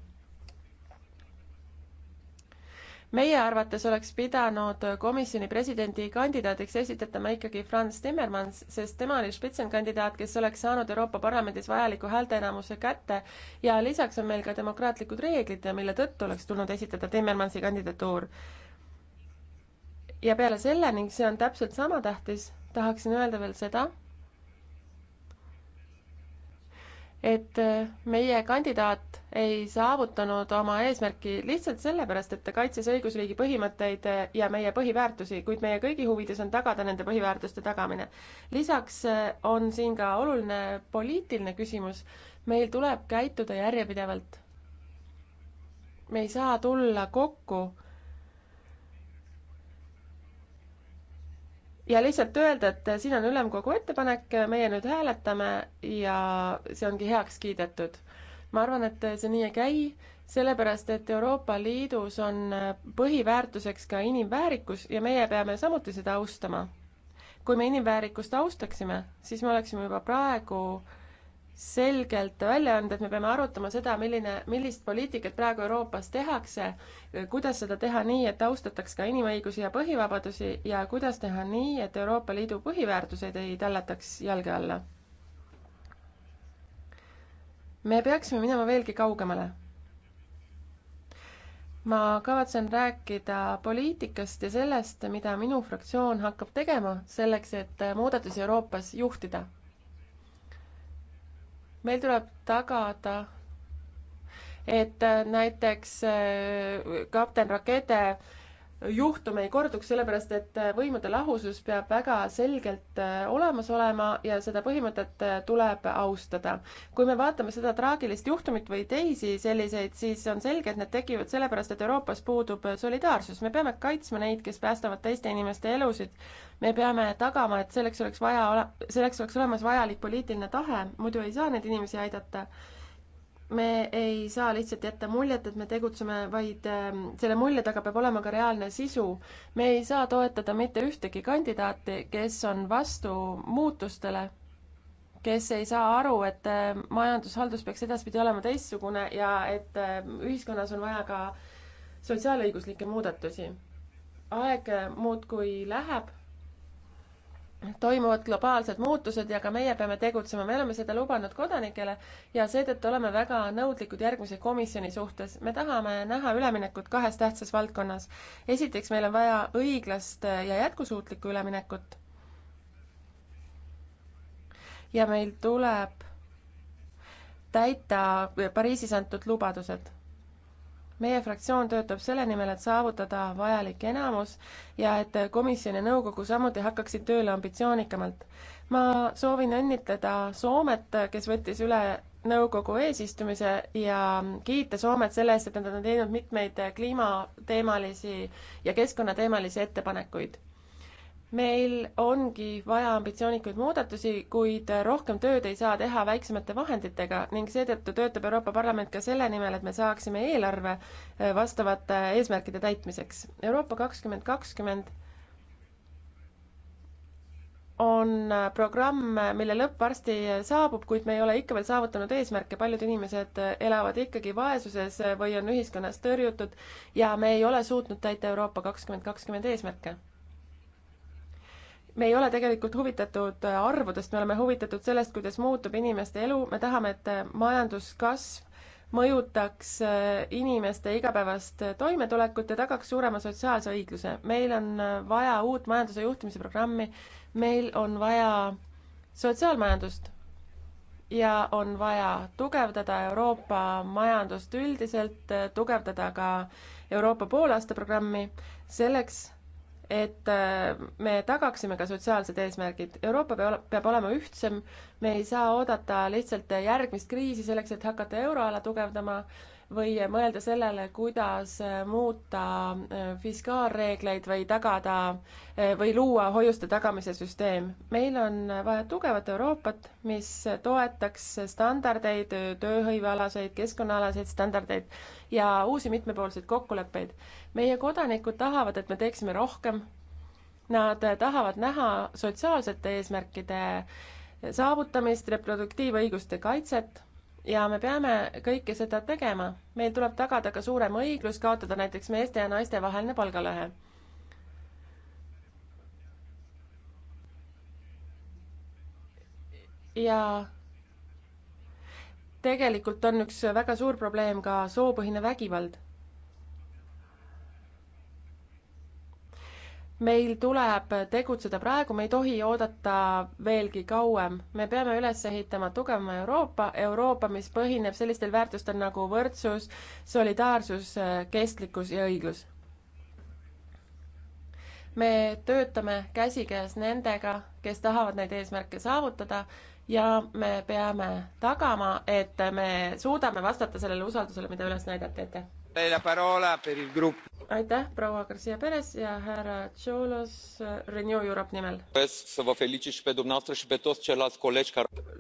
meie arvates oleks pidanud komisjoni presidendi kandidaadiks esitatama ikkagi Franz Timmermans, sest tema oli spitsenkandidaat, kes oleks saanud Euroopa Parlamendis vajaliku häälteenamuse kätte ja lisaks on meil ka demokraatlikud reeglid, mille tõttu oleks tulnud esitada Timmermansi kandidatuur. ja peale selle, ning see on täpselt sama tähtis, tahaksin öelda veel seda, et äh, meie kandidaat ei saavutanud oma eesmärki lihtsalt sellepärast, et ta kaitses õigusriigi põhimõtteid äh, ja meie põhiväärtusi, kuid meie kõigi huvides on tagada nende põhiväärtuste tagamine. lisaks äh, on siin ka oluline poliitiline küsimus, meil tuleb käituda järjepidevalt. me ei saa tulla kokku ja lihtsalt öelda, et siin on ülemkogu ettepanek, meie nüüd hääletame ja see ongi heaks kiidetud. ma arvan, et see nii ei käi, sellepärast et Euroopa Liidus on põhiväärtuseks ka inimväärikus ja meie peame samuti seda austama. kui me inimväärikust austaksime, siis me oleksime juba praegu äh, selgelt välja öelnud, et me peame arutama seda, milline, millist poliitikat praegu Euroopas tehakse, kuidas seda teha nii, et austataks ka inimõigusi ja põhivabadusi ja kuidas teha nii, et Euroopa Liidu põhiväärtuseid ei tallataks jalge alla. me peaksime minema veelgi kaugemale ma kavatsen rääkida poliitikast ja sellest, mida minu fraktsioon hakkab tegema selleks, et muudatusi Euroopas juhtida meil tuleb tagada, et äh, näiteks äh, kapten Rakete juhtum ei korduks, sellepärast et võimude lahusus peab väga selgelt äh, olemas olema ja seda põhimõtet äh, tuleb austada. kui me vaatame seda traagilist juhtumit või teisi selliseid, siis on selge, et need tekivad sellepärast, et Euroopas puudub äh, solidaarsus. me peame kaitsma neid, kes päästavad teiste inimeste elusid. me peame tagama, et selleks oleks vaja, selleks oleks olemas vajalik poliitiline tahe, muidu ei saa neid inimesi aidata me ei saa lihtsalt jätta muljet, et me tegutseme, vaid ähm, selle mulje taga peab olema ka reaalne sisu. me ei saa toetada mitte ühtegi kandidaati, kes on vastu muutustele, kes ei saa aru, et ähm, majandushaldus peaks edaspidi olema teistsugune ja et ähm, ühiskonnas on vaja ka sotsiaalõiguslikke muudatusi. aeg äh, muudkui läheb toimuvad globaalsed muutused ja ka meie peame tegutsema, me oleme seda lubanud kodanikele ja seetõttu oleme väga nõudlikud järgmise komisjoni suhtes. me tahame näha üleminekut kahes tähtsas valdkonnas. esiteks, meil on vaja õiglast ja jätkusuutlikku üleminekut. ja meil tuleb täita Pariisis antud lubadused meie fraktsioon töötab selle nimel, et saavutada vajalik enamus ja et komisjon ja nõukogu samuti hakkaksid tööle ambitsioonikamalt. ma soovin õnnitleda Soomet, kes võttis üle nõukogu eesistumise ja kiita Soomet selle eest, et nad on teinud mitmeid kliimateemalisi ja keskkonnateemalisi ettepanekuid meil ongi vaja ambitsioonikuid muudatusi, kuid rohkem tööd ei saa teha väiksemate vahenditega ning seetõttu töötab Euroopa Parlament ka selle nimel, et me saaksime eelarve eh, vastavate eesmärkide täitmiseks. Euroopa kakskümmend kakskümmend on eh, programm, mille lõpp varsti saabub, kuid me ei ole ikka veel saavutanud eesmärke, paljud inimesed eh, elavad ikkagi vaesuses või on ühiskonnas tõrjutud ja me ei ole suutnud täita Euroopa kakskümmend kakskümmend eesmärke me ei ole tegelikult huvitatud äh, arvudest, me oleme huvitatud sellest, kuidas muutub inimeste elu, me tahame, et äh, majanduskasv mõjutaks äh, inimeste igapäevast toimetulekut ja tagaks suurema sotsiaalse õigluse. meil on vaja uut majanduse juhtimise programmi, meil on vaja sotsiaalmajandust ja on vaja tugevdada Euroopa majandust üldiselt, tugevdada ka Euroopa poolaasta programmi selleks, et äh, me tagaksime ka sotsiaalsed eesmärgid. Euroopa peab olema ühtsem, me ei saa oodata lihtsalt järgmist kriisi selleks, et hakata euroala tugevdama või mõelda sellele, kuidas muuta äh, fiskaalreegleid või tagada äh, või luua hoiuste tagamise süsteem. meil on vaja tugevat Euroopat, mis toetaks standardeid, tööhõivealaseid, keskkonnaalaseid standardeid ja uusi mitmepoolseid kokkuleppeid. meie kodanikud tahavad, et me teeksime rohkem. Nad tahavad näha sotsiaalsete eesmärkide saavutamist, reproduktiivõiguste kaitset ja me peame kõike seda tegema. meil tuleb tagada ka suurem õiglus, kaotada näiteks meeste ja naiste vaheline palgalõhe. ja tegelikult on üks väga suur probleem ka soopõhine vägivald meil tuleb tegutseda praegu, me ei tohi oodata veelgi kauem. me peame üles ehitama tugevama Euroopa, Euroopa, mis põhineb sellistel väärtustel nagu võrdsus, solidaarsus, kestlikkus ja õiglus. me töötame käsikäes nendega, kes tahavad neid eesmärke saavutada ja me peame tagama, et me suudame vastata sellele usaldusele, mida üles näidati, aitäh! aitäh, proua Garcia Perez ja härra Tšolos äh, Renew Europe nimel.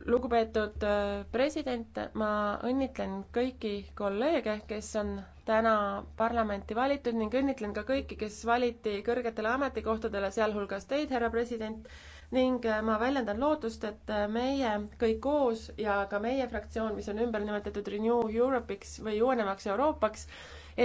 lugupeetud äh, president, ma õnnitlen kõiki kolleege, kes on täna parlamenti valitud ning õnnitlen ka kõiki, kes valiti kõrgetele ametikohtadele, sealhulgas teid, härra president ning äh, ma väljendan lootust, et äh, meie kõik koos ja ka meie fraktsioon, mis on ümber nimetatud Renew Europe'iks või uuenevaks Euroopaks,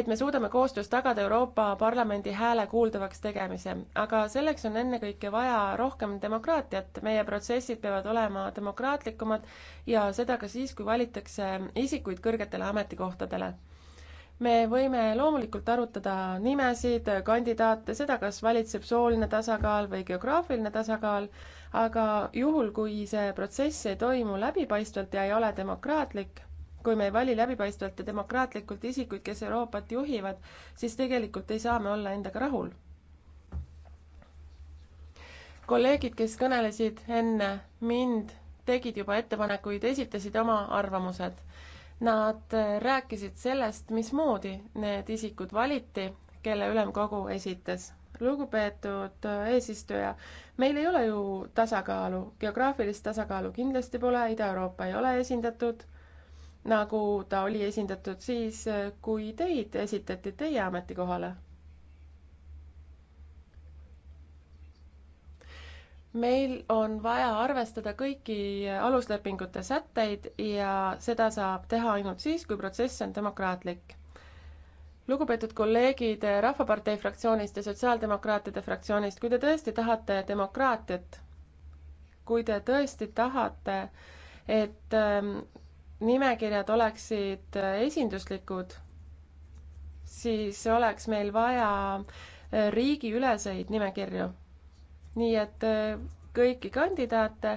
et me suudame koostöös tagada Euroopa Parlamendi hääle kuuldavaks tegemise. aga selleks on ennekõike vaja rohkem demokraatiat, meie protsessid peavad olema demokraatlikumad ja seda ka siis, kui valitakse isikuid kõrgetele ametikohtadele me võime loomulikult arutada nimesid, kandidaate, seda, kas valitseb sooline tasakaal või geograafiline tasakaal, aga juhul, kui see protsess ei toimu läbipaistvalt ja ei ole demokraatlik, kui me ei vali läbipaistvalt ja demokraatlikult isikuid, kes Euroopat juhivad, siis tegelikult ei saa me olla endaga rahul. kolleegid, kes kõnelesid enne mind, tegid juba ettepanekuid, esitasid oma arvamused Nad äh, rääkisid sellest, mismoodi need isikud valiti, kelle ülemkogu esitas. lugupeetud äh, eesistuja, meil ei ole ju tasakaalu, geograafilist tasakaalu kindlasti pole, Ida-Euroopa ei ole esindatud, nagu ta oli esindatud siis, äh, kui teid esitati teie ametikohale meil on vaja arvestada kõiki aluslepingute sätteid ja seda saab teha ainult siis, kui protsess on demokraatlik. lugupeetud kolleegid Rahvapartei fraktsioonist ja Sotsiaaldemokraatide fraktsioonist, kui te tõesti tahate demokraatiat, kui te tõesti tahate, et ähm, nimekirjad oleksid äh, esinduslikud, siis oleks meil vaja äh, riigiüleseid nimekirju nii et äh, kõiki kandidaate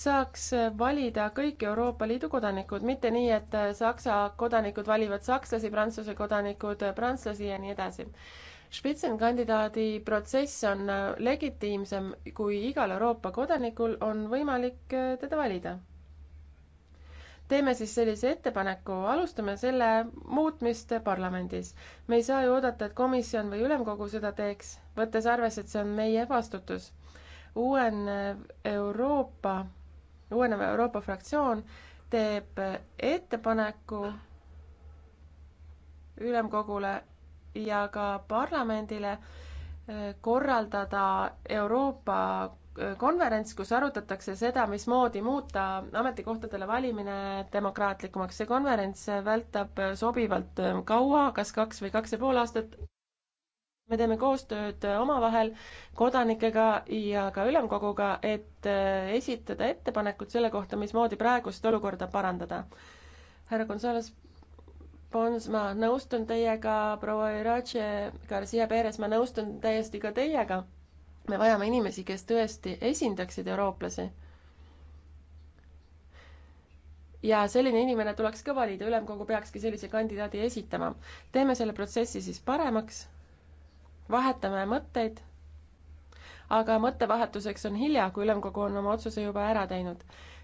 saaks äh, valida kõik Euroopa Liidu kodanikud, mitte nii, et äh, Saksa kodanikud valivad sakslasi, Prantsuse kodanikud prantslasi ja nii edasi. Spitzenkandidaadi protsess on legitiimsem, kui igal Euroopa kodanikul on võimalik teda valida teeme siis sellise ettepaneku, alustame selle muutmist parlamendis. me ei saa ju oodata, et komisjon või ülemkogu seda teeks, võttes arvesse, et see on meie vastutus. uuenev Euroopa, uuenev Euroopa fraktsioon teeb ettepaneku ülemkogule ja ka parlamendile korraldada Euroopa konverents, kus arutatakse seda, mismoodi muuta ametikohtadele valimine demokraatlikumaks. see konverents vältab sobivalt kaua, kas kaks või kaks ja pool aastat. me teeme koostööd omavahel, kodanikega ja ka ülemkoguga, et esitada ettepanekud selle kohta, mismoodi praegust olukorda parandada. härra Gonzales Pons, ma nõustun teiega, proua Irache Garcia Perez, ma nõustun täiesti ka teiega me vajame inimesi, kes tõesti esindaksid eurooplasi. ja selline inimene tuleks ka valida, ülemkogu peakski sellise kandidaadi esitama. teeme selle protsessi siis paremaks, vahetame mõtteid, aga mõttevahetuseks on hilja, kui ülemkogu on oma otsuse juba ära teinud.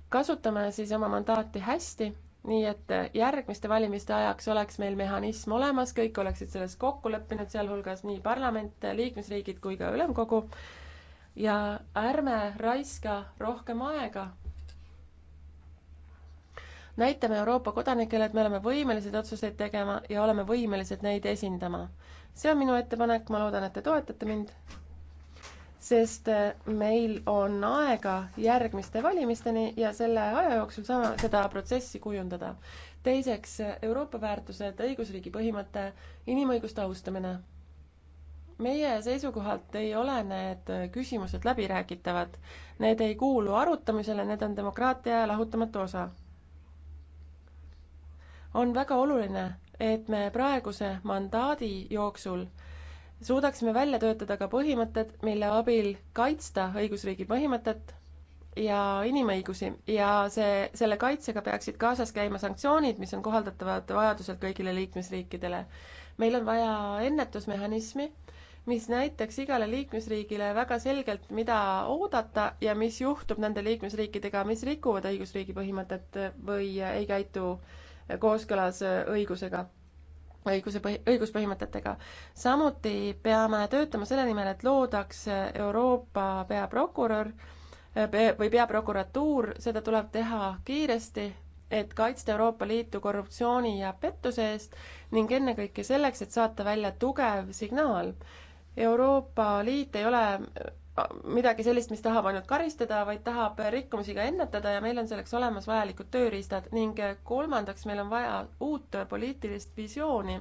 kasutame siis oma mandaati hästi nii et äh, järgmiste valimiste ajaks oleks meil mehhanism olemas, kõik oleksid selles kokku leppinud, sealhulgas nii parlament, äh, liikmesriigid kui ka ülemkogu. ja ärme raiska rohkem aega. näitame Euroopa kodanikele, et me oleme võimelised otsuseid tegema ja oleme võimelised neid esindama. see on minu ettepanek, ma loodan, et te toetate mind sest äh, meil on aega järgmiste valimisteni ja selle aja jooksul saame seda protsessi kujundada. teiseks, Euroopa väärtused, õigusriigi põhimõte, inimõiguste austamine. meie seisukohalt ei ole need küsimused läbiräägitavad, need ei kuulu arutamisele, need on demokraatia lahutamatu osa. on väga oluline, et me praeguse mandaadi jooksul suudaksime välja töötada ka põhimõtted, mille abil kaitsta õigusriigi põhimõtet ja inimõigusi ja see, selle kaitsega peaksid kaasas käima sanktsioonid, mis on kohaldatavad vajadusel kõigile liikmesriikidele. meil on vaja ennetusmehhanismi, mis näitaks igale liikmesriigile väga selgelt, mida oodata ja mis juhtub nende liikmesriikidega, mis rikuvad õigusriigi põhimõtet või ei käitu kooskõlas õigusega õiguse, õiguspõhimõtetega. samuti peame töötama selle nimel, et loodaks Euroopa peaprokurör eh, või peaprokuratuur, seda tuleb teha kiiresti, et kaitsta Euroopa Liitu korruptsiooni ja pettuse eest ning ennekõike selleks, et saata välja tugev signaal. Euroopa Liit ei ole midagi sellist, mis tahab ainult karistada, vaid tahab rikkumisi ka ennetada ja meil on selleks olemas vajalikud tööriistad ning kolmandaks, meil on vaja uut poliitilist visiooni,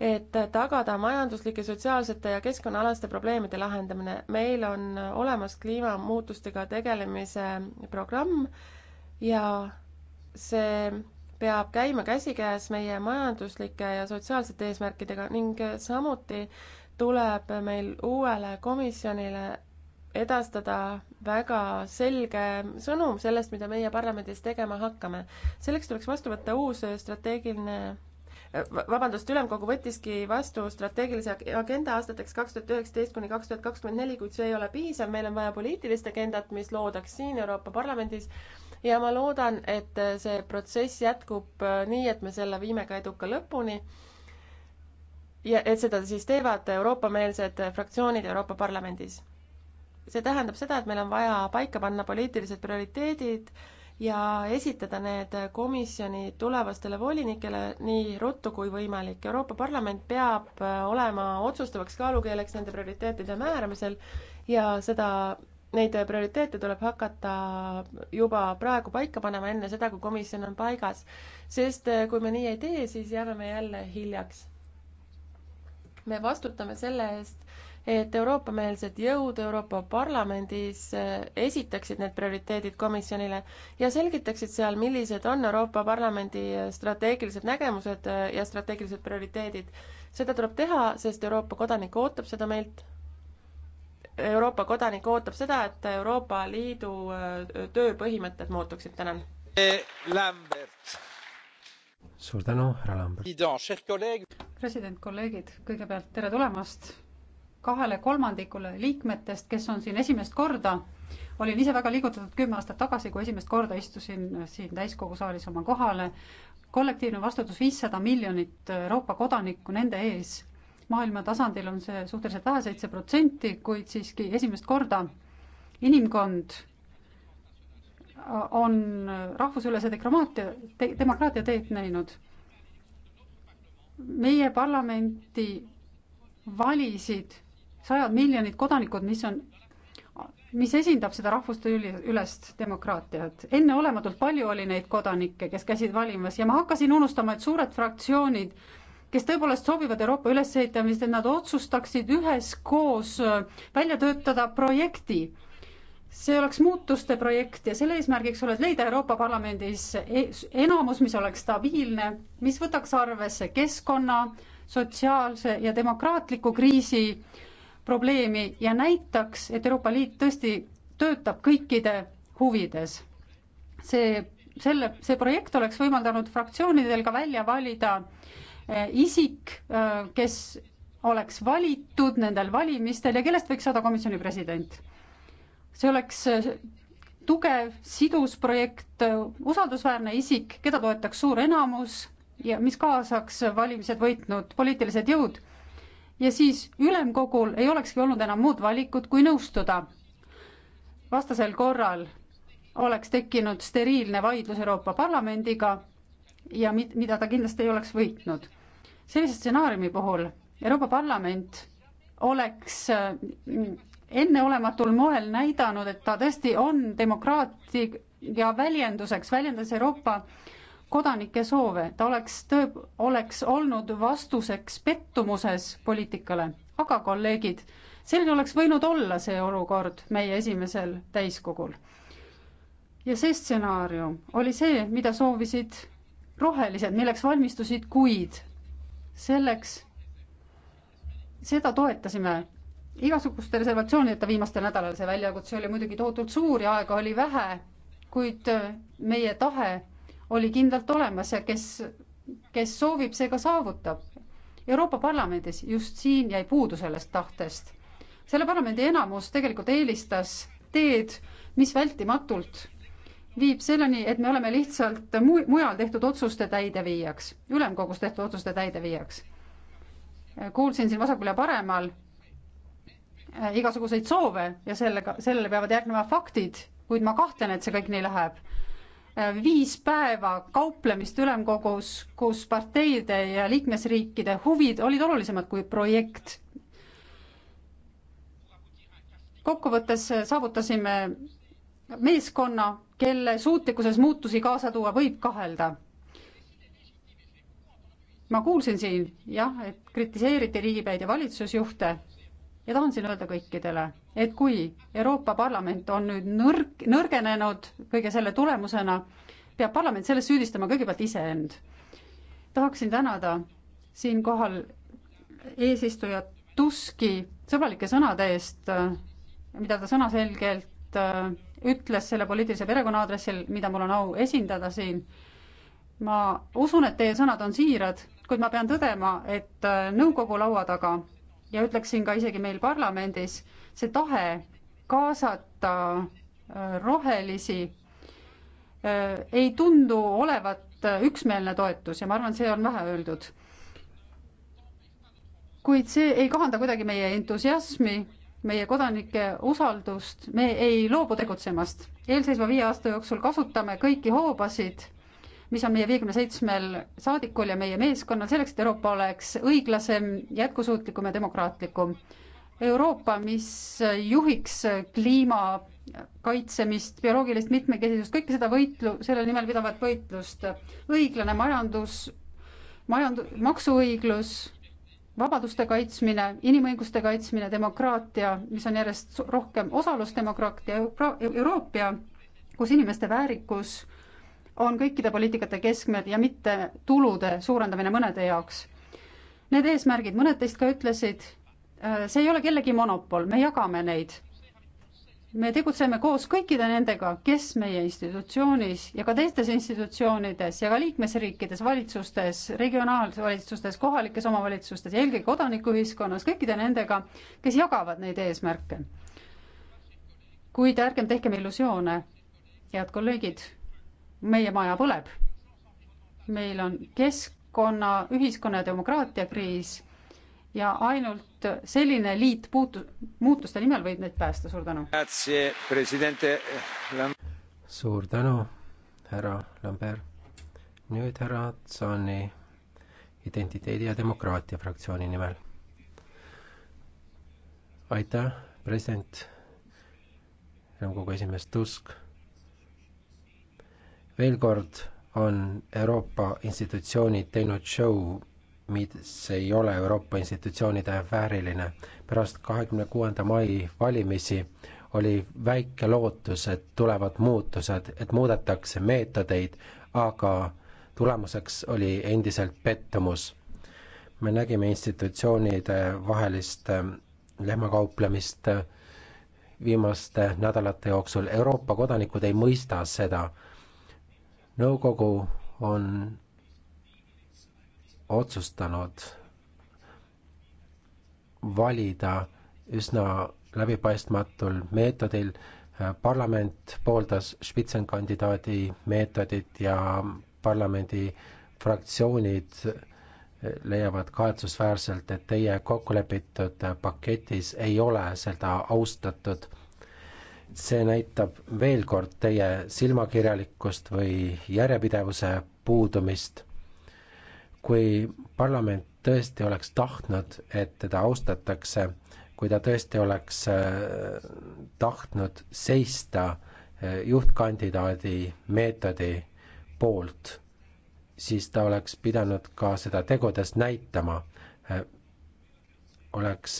et tagada majanduslike, sotsiaalsete ja keskkonnaalaste probleemide lahendamine. meil on olemas kliimamuutustega tegelemise programm ja see peab käima käsikäes meie majanduslike ja sotsiaalsete eesmärkidega ning samuti äh, tuleb meil uuele komisjonile edastada väga selge sõnum sellest, mida meie parlamendis tegema hakkame. selleks tuleks vastu võtta uus strateegiline vabandust, ülemkogu võttiski vastu strateegilise agenda aastateks kaks tuhat üheksateist kuni kaks tuhat kakskümmend neli, kuid see ei ole piisav, meil on vaja poliitilist agendat, mis loodaks siin Euroopa Parlamendis ja ma loodan, et see protsess jätkub nii, et me selle viime ka eduka lõpuni ja et seda siis teevad Euroopa-meelsed fraktsioonid Euroopa Parlamendis. see tähendab seda, et meil on vaja paika panna poliitilised prioriteedid ja esitada need komisjoni tulevastele volinikele nii ruttu kui võimalik. Euroopa Parlament peab olema otsustavaks kaalukeeleks nende prioriteetide määramisel ja seda Neid prioriteete tuleb hakata juba praegu paika panema, enne seda, kui komisjon on paigas. sest kui me nii ei tee, siis jääme me jälle hiljaks me vastutame selle eest, et Euroopa-meelsed jõud Euroopa Parlamendis äh, esitaksid need prioriteedid komisjonile ja selgitaksid seal, millised on Euroopa Parlamendi äh, strateegilised nägemused äh, ja strateegilised prioriteedid. seda tuleb teha, sest Euroopa kodanik ootab seda meilt. Euroopa kodanik ootab seda, et Euroopa Liidu tööpõhimõtted muutuksid. tänan. suur tänu, härra Lambert president, kolleegid, kõigepealt tere tulemast kahele kolmandikule liikmetest, kes on siin esimest korda. olin ise väga liigutatud kümme aastat tagasi, kui esimest korda istusin siin täiskogu saalis oma kohale. kollektiivne vastutus viissada miljonit Euroopa kodanikku nende ees. maailma tasandil on see suhteliselt vähe, seitse protsenti, kuid siiski esimest korda inimkond on rahvusülese demokraatia te,, demokraatia teed näinud meie parlamenti valisid sajad miljonid kodanikud, mis on, mis esindab seda rahvuste ülest demokraatiat. enneolematult palju oli neid kodanikke, kes käisid valimas ja ma hakkasin unustama, et suured fraktsioonid, kes tõepoolest soovivad Euroopa ülesehitamist, et nad otsustaksid üheskoos äh, välja töötada projekti see oleks muutuste projekt ja selle eesmärgiks oleks leida Euroopa Parlamendis e-, enamus, mis oleks stabiilne, mis võtaks arvesse keskkonna, sotsiaalse ja demokraatliku kriisi probleemi ja näitaks, et Euroopa Liit tõesti töötab kõikide huvides. see, selle, see projekt oleks võimaldanud fraktsioonidel ka välja valida eh, isik, eh, kes oleks valitud nendel valimistel ja kellest võiks saada komisjoni president see oleks äh, tugev, sidus projekt, äh, usaldusväärne isik, keda toetaks suur enamus ja mis kaasaks valimised võitnud poliitilised jõud. ja siis ülemkogul ei olekski olnud enam muud valikut, kui nõustuda. vastasel korral oleks tekkinud steriilne vaidlus Euroopa Parlamendiga ja mid-, mida ta kindlasti ei oleks võitnud. sellise stsenaariumi puhul Euroopa Parlament oleks äh, enneolematul moel näidanud, et ta tõesti on demokraatia väljenduseks, väljendas Euroopa kodanike soove, ta oleks töö, oleks olnud vastuseks pettumuses poliitikale, aga kolleegid, selline oleks võinud olla see olukord meie esimesel täiskogul. ja see stsenaarium oli see, mida soovisid rohelised, milleks valmistusid kuid. selleks, seda toetasime igasuguste reservatsioonideta viimastel nädalal see väljakutse oli muidugi tohutult suur ja aega oli vähe, kuid äh, meie tahe oli kindlalt olemas ja kes, kes soovib, see ka saavutab. Euroopa Parlamendis just siin jäi puudu sellest tahtest. selle parlamendi enamus tegelikult eelistas teed, mis vältimatult viib selleni, et me oleme lihtsalt mu-, mujal tehtud otsuste täideviijaks, ülemkogus tehtud otsuste täideviijaks. kuulsin siin vasakul ja paremal Äh, igasuguseid soove ja sellega, sellele peavad järgnema faktid, kuid ma kahtlen, et see kõik nii läheb. Äh, viis päeva kauplemist ülemkogus, kus parteide ja liikmesriikide huvid olid olulisemad kui projekt. kokkuvõttes äh, saavutasime meeskonna, kelle suutlikkuses muutusi kaasa tuua võib kahelda ma kuulsin siin jah, et kritiseeriti riigipäid ja valitsusjuhte, ja tahan siin öelda kõikidele, et kui Euroopa Parlament on nüüd nõrk, nõrgenenud kõige selle tulemusena, peab parlament selles süüdistama kõigepealt iseend. tahaksin tänada siinkohal eesistujat Tuski sõbralike sõnade eest, mida ta sõnaselgelt äh, ütles selle poliitilise perekonna aadressil, mida mul on au esindada siin. ma usun, et teie sõnad on siirad, kuid ma pean tõdema, et äh, nõukogu laua taga ja ütleksin ka isegi meil parlamendis, see tahe kaasata äh, rohelisi äh, ei tundu olevat äh, üksmeelne toetus ja ma arvan, et see on vähe öeldud. kuid see ei kahanda kuidagi meie entusiasmi, meie kodanike usaldust, me ei loobu tegutsemast. eelseisva viie aasta jooksul kasutame kõiki hoobasid mis on meie viiekümne seitsmel saadikul ja meie meeskonnal selleks, et Euroopa oleks õiglasem, jätkusuutlikum ja demokraatlikum. Euroopa, mis juhiks kliima kaitsemist, bioloogilist mitmekesisust, kõike seda võitlu, selle nimel pidavat võitlust, õiglane majandus, majand-, maksuõiglus, vabaduste kaitsmine, inimõiguste kaitsmine, demokraatia, mis on järjest rohkem osalusdemokraatia, Euroopa, kus inimeste väärikus on kõikide poliitikate keskmed ja mitte tulude suurendamine mõnede jaoks. Need eesmärgid, mõned teist ka ütlesid, äh, see ei ole kellegi monopol, me jagame neid. me tegutseme koos kõikide nendega, kes meie institutsioonis ja ka teistes institutsioonides ja ka liikmesriikides, valitsustes, regionaalvalitsustes, kohalikes omavalitsustes ja eelkõige kodanikuühiskonnas, kõikide nendega, kes jagavad neid eesmärke. kuid ärgem tehkem illusioone, head kolleegid meie maja põleb. meil on keskkonna, ühiskonna ja demokraatia kriis ja ainult selline liit puutu-, muutuste nimel võib neid päästa, suur tänu. suur tänu, härra Lambert. nüüd härra Tsaani identiteedi ja demokraatia fraktsiooni nimel. aitäh, president, nõukogu esimees Tusk veel kord on Euroopa institutsioonid teinud show, mis ei ole Euroopa institutsioonide vääriline. pärast kahekümne kuuenda mai valimisi oli väike lootus, et tulevad muutused, et muudetakse meetodeid, aga tulemuseks oli endiselt pettumus. me nägime institutsioonide vahelist ähm, lehmakauplemist äh, viimaste nädalate jooksul, Euroopa kodanikud ei mõista seda nõukogu on otsustanud valida üsna läbipaistmatul meetodil. parlament pooldas spitsenkandidaadi meetodit ja parlamendi fraktsioonid leiavad kahetsusväärselt, et teie kokkulepitud paketis ei ole seda austatud see näitab veel kord teie silmakirjalikkust või järjepidevuse puudumist. kui parlament tõesti oleks tahtnud, et teda austatakse, kui ta tõesti oleks äh, tahtnud seista äh, juhtkandidaadi meetodi poolt, siis ta oleks pidanud ka seda tegudes näitama. Äh, oleks,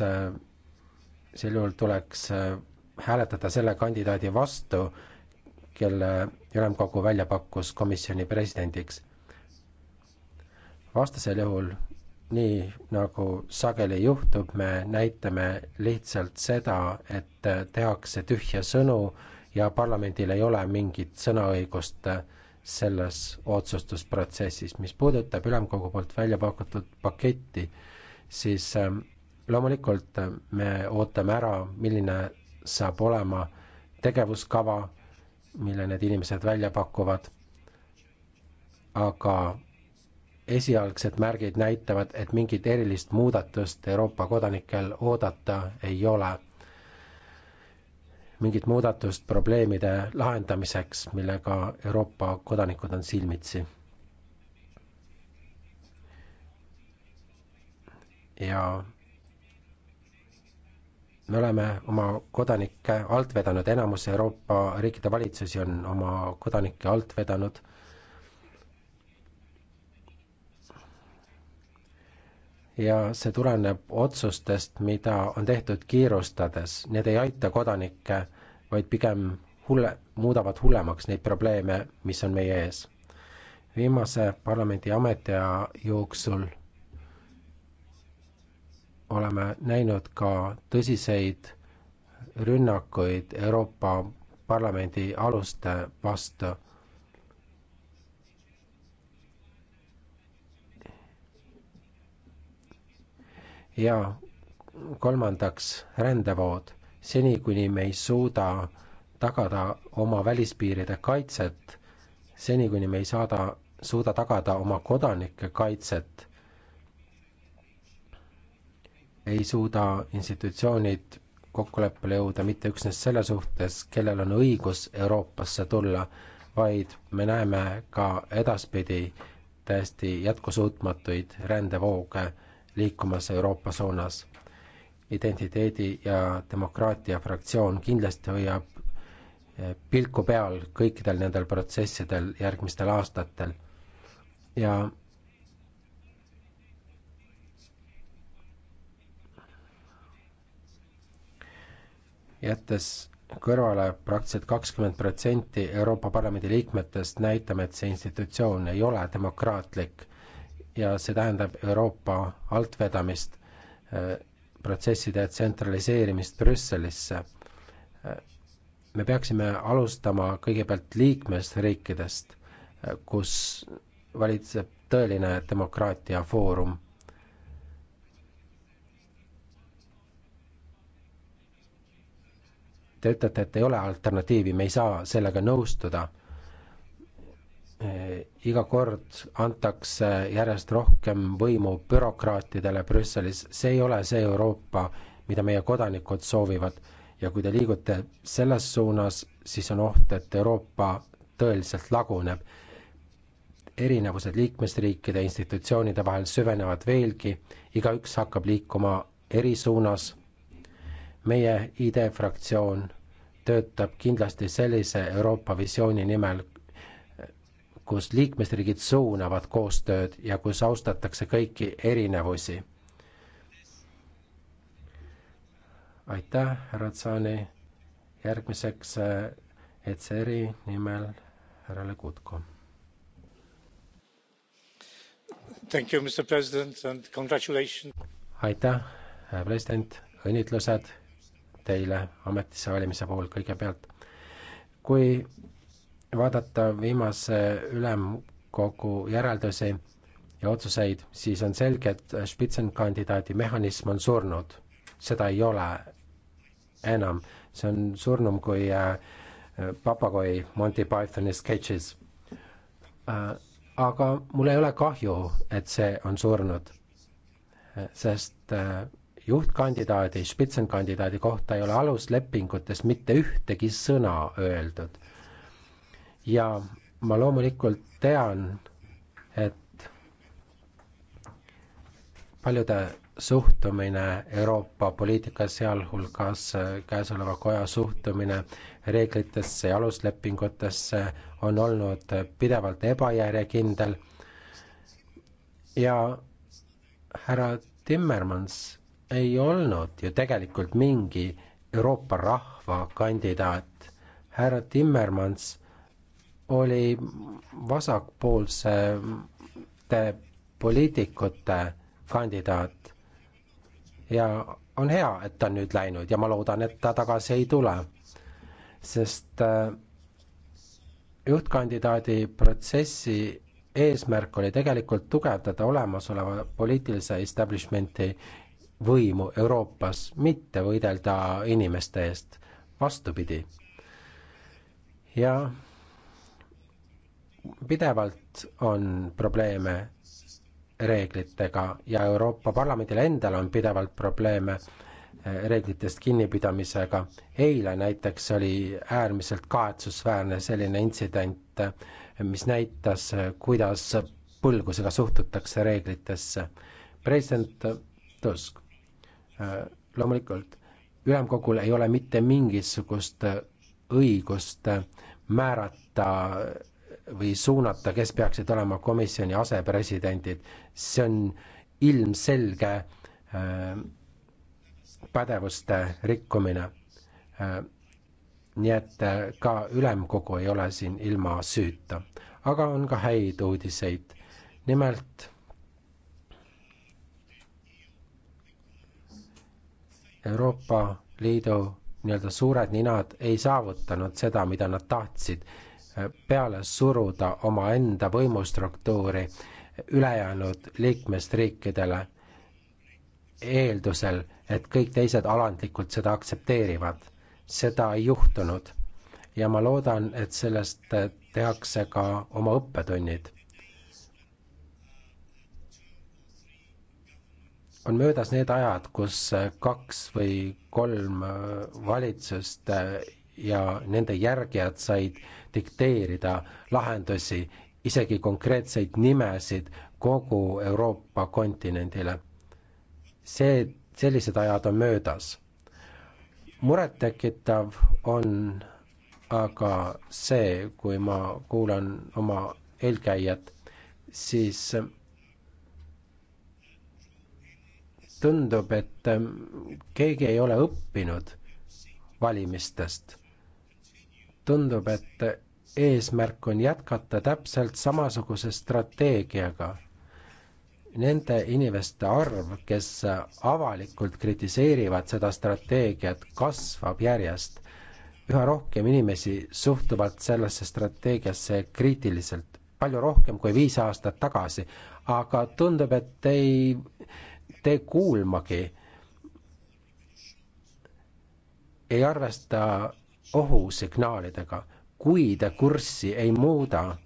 sel juhul tuleks hääletada selle kandidaadi vastu, kelle ülemkogu välja pakkus komisjoni presidendiks. vastasel juhul, nii nagu sageli juhtub, me näitame lihtsalt seda, et tehakse tühje sõnu ja parlamendil ei ole mingit sõnaõigust selles otsustusprotsessis. mis puudutab ülemkogu poolt välja pakutud paketti, siis ähm, loomulikult me ootame ära, milline saab olema tegevuskava, mille need inimesed välja pakuvad. aga esialgsed märgid näitavad, et mingit erilist muudatust Euroopa kodanikel oodata ei ole. mingit muudatust probleemide lahendamiseks, millega Euroopa kodanikud on silmitsi. ja me oleme oma kodanikke alt vedanud, enamus Euroopa riikide valitsusi on oma kodanikke alt vedanud. ja see tuleneb otsustest, mida on tehtud kiirustades, need ei aita kodanikke, vaid pigem hulle, muudavad hullemaks neid probleeme, mis on meie ees. viimase parlamendi ametiaja jooksul oleme näinud ka tõsiseid rünnakuid Euroopa Parlamendi aluste vastu. ja kolmandaks rändevood. seni, kuni me ei suuda tagada oma välispiiride kaitset, seni, kuni me ei saada, suuda tagada oma kodanike kaitset ei suuda institutsioonid kokkuleppele jõuda mitte üksnes selle suhtes, kellel on õigus Euroopasse tulla, vaid me näeme ka edaspidi täiesti jätkusuutmatuid rändevooge liikumas Euroopa suunas. identiteedi ja demokraatia fraktsioon kindlasti hoiab eh, pilku peal kõikidel nendel protsessidel järgmistel aastatel. ja jättes kõrvale praktiliselt kakskümmend protsenti Euroopa Parlamendi liikmetest, näitame, et see institutsioon ei ole demokraatlik ja see tähendab Euroopa altvedamist, äh, protsesside tsentraliseerimist Brüsselisse. Äh, me peaksime alustama kõigepealt liikmesriikidest, äh, kus valitseb tõeline demokraatia foorum Te ütlete, et ei ole alternatiivi, me ei saa sellega nõustuda. Äh, iga kord antakse järjest rohkem võimu bürokraatidele Brüsselis, see ei ole see Euroopa, mida meie kodanikud soovivad. ja kui te liigute selles suunas, siis on oht, et Euroopa tõeliselt laguneb. erinevused liikmesriikide institutsioonide vahel süvenevad veelgi, igaüks hakkab liikuma eri suunas meie ID fraktsioon töötab kindlasti sellise Euroopa visiooni nimel, kus liikmesriigid suunavad koostööd ja kus austatakse kõiki erinevusi. aitäh, härra Tsaani. järgmiseks äh, ECR-i nimel härra Legutko. aitäh, president, õnnitlused teile ametisse valimise puhul kõigepealt. kui vaadata viimase ülemkogu järeldusi ja otsuseid, siis on selge, et spitsenkandidaadi mehhanism on surnud. seda ei ole enam, see on surnum kui äh, papagoi Monty Pythoni sketšis. Äh, aga mul ei ole kahju, et see on surnud, äh, sest juhtkandidaadi, spitsenkandidaadi kohta ei ole aluslepingutes mitte ühtegi sõna öeldud. ja ma loomulikult tean, et paljude suhtumine Euroopa poliitikas, sealhulgas käesoleva koja suhtumine reeglitesse ja aluslepingutesse on olnud pidevalt ebajärjekindel. ja härra Timmermans ei olnud ju tegelikult mingi Euroopa rahva kandidaat. härra Timmermans oli vasakpoolsete poliitikute kandidaat ja on hea, et ta on nüüd läinud ja ma loodan, et ta tagasi ei tule. sest äh, juhtkandidaadi protsessi eesmärk oli tegelikult tugevdada olemasoleva poliitilise establishmenti võimu Euroopas, mitte võidelda inimeste eest, vastupidi. ja pidevalt on probleeme reeglitega ja Euroopa Parlamendil endal on pidevalt probleeme eh, reeglitest kinnipidamisega. eile näiteks oli äärmiselt kahetsusväärne selline intsident, eh, mis näitas, eh, kuidas põlgusega suhtutakse reeglitesse. president Tusk, Äh, loomulikult ülemkogul ei ole mitte mingisugust õigust määrata või suunata, kes peaksid olema komisjoni asepresidendid, see on ilmselge äh, pädevuste rikkumine. Äh, nii et ka ülemkogu ei ole siin ilma süüta, aga on ka häid uudiseid. nimelt Euroopa Liidu nii-öelda suured ninad ei saavutanud seda, mida nad tahtsid, eh, peale suruda omaenda võimustruktuuri ülejäänud liikmesriikidele eeldusel, et kõik teised alandlikult seda aktsepteerivad. seda ei juhtunud ja ma loodan, et sellest eh, tehakse ka oma õppetunnid. on möödas need ajad, kus äh, kaks või kolm äh, valitsust äh, ja nende järgijad said dikteerida lahendusi, isegi konkreetseid nimesid kogu Euroopa kontinendile. see, sellised ajad on möödas. murettekitav on aga see, kui ma kuulan oma eelkäijat, siis tundub, et ähm, keegi ei ole õppinud valimistest. tundub, et eesmärk on jätkata täpselt samasuguse strateegiaga. Nende inimeste arv, kes avalikult kritiseerivad seda strateegiat, kasvab järjest. üha rohkem inimesi suhtuvad sellesse strateegiasse kriitiliselt, palju rohkem kui viis aastat tagasi, aga tundub, et ei te kuulmagi ei arvesta ohusignaalidega. kui te kurssi ei muuda,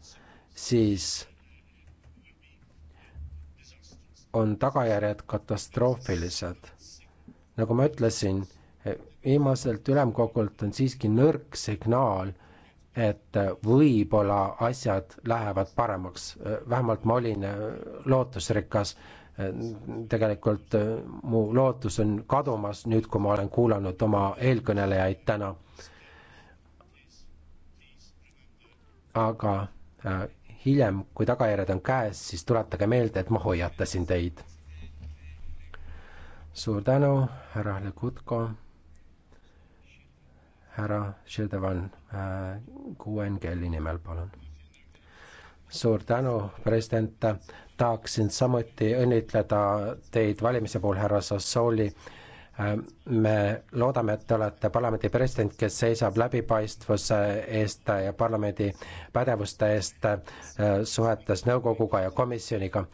siis on tagajärjed katastroofilised. nagu ma ütlesin, viimaselt ülemkogult on siiski nõrk signaal, et võib-olla asjad lähevad paremaks, vähemalt ma olin lootusrikas tegelikult äh, mu lootus on kadumas nüüd, kui ma olen kuulanud oma eelkõnelejaid täna. aga äh, hiljem, kui tagajärjed on käes, siis tuletage meelde, et ma hoiatasin teid. suur tänu, härra Legutko, härra Šildevan äh, QNGL-i nimel, palun. suur tänu, president tahaksin samuti õnnitleda teid valimise puhul, härra Sassoli. me loodame, et te olete parlamendi president, kes seisab läbipaistvuse eest ja parlamendi pädevuste eest äh, suhetes nõukoguga ja komisjoniga.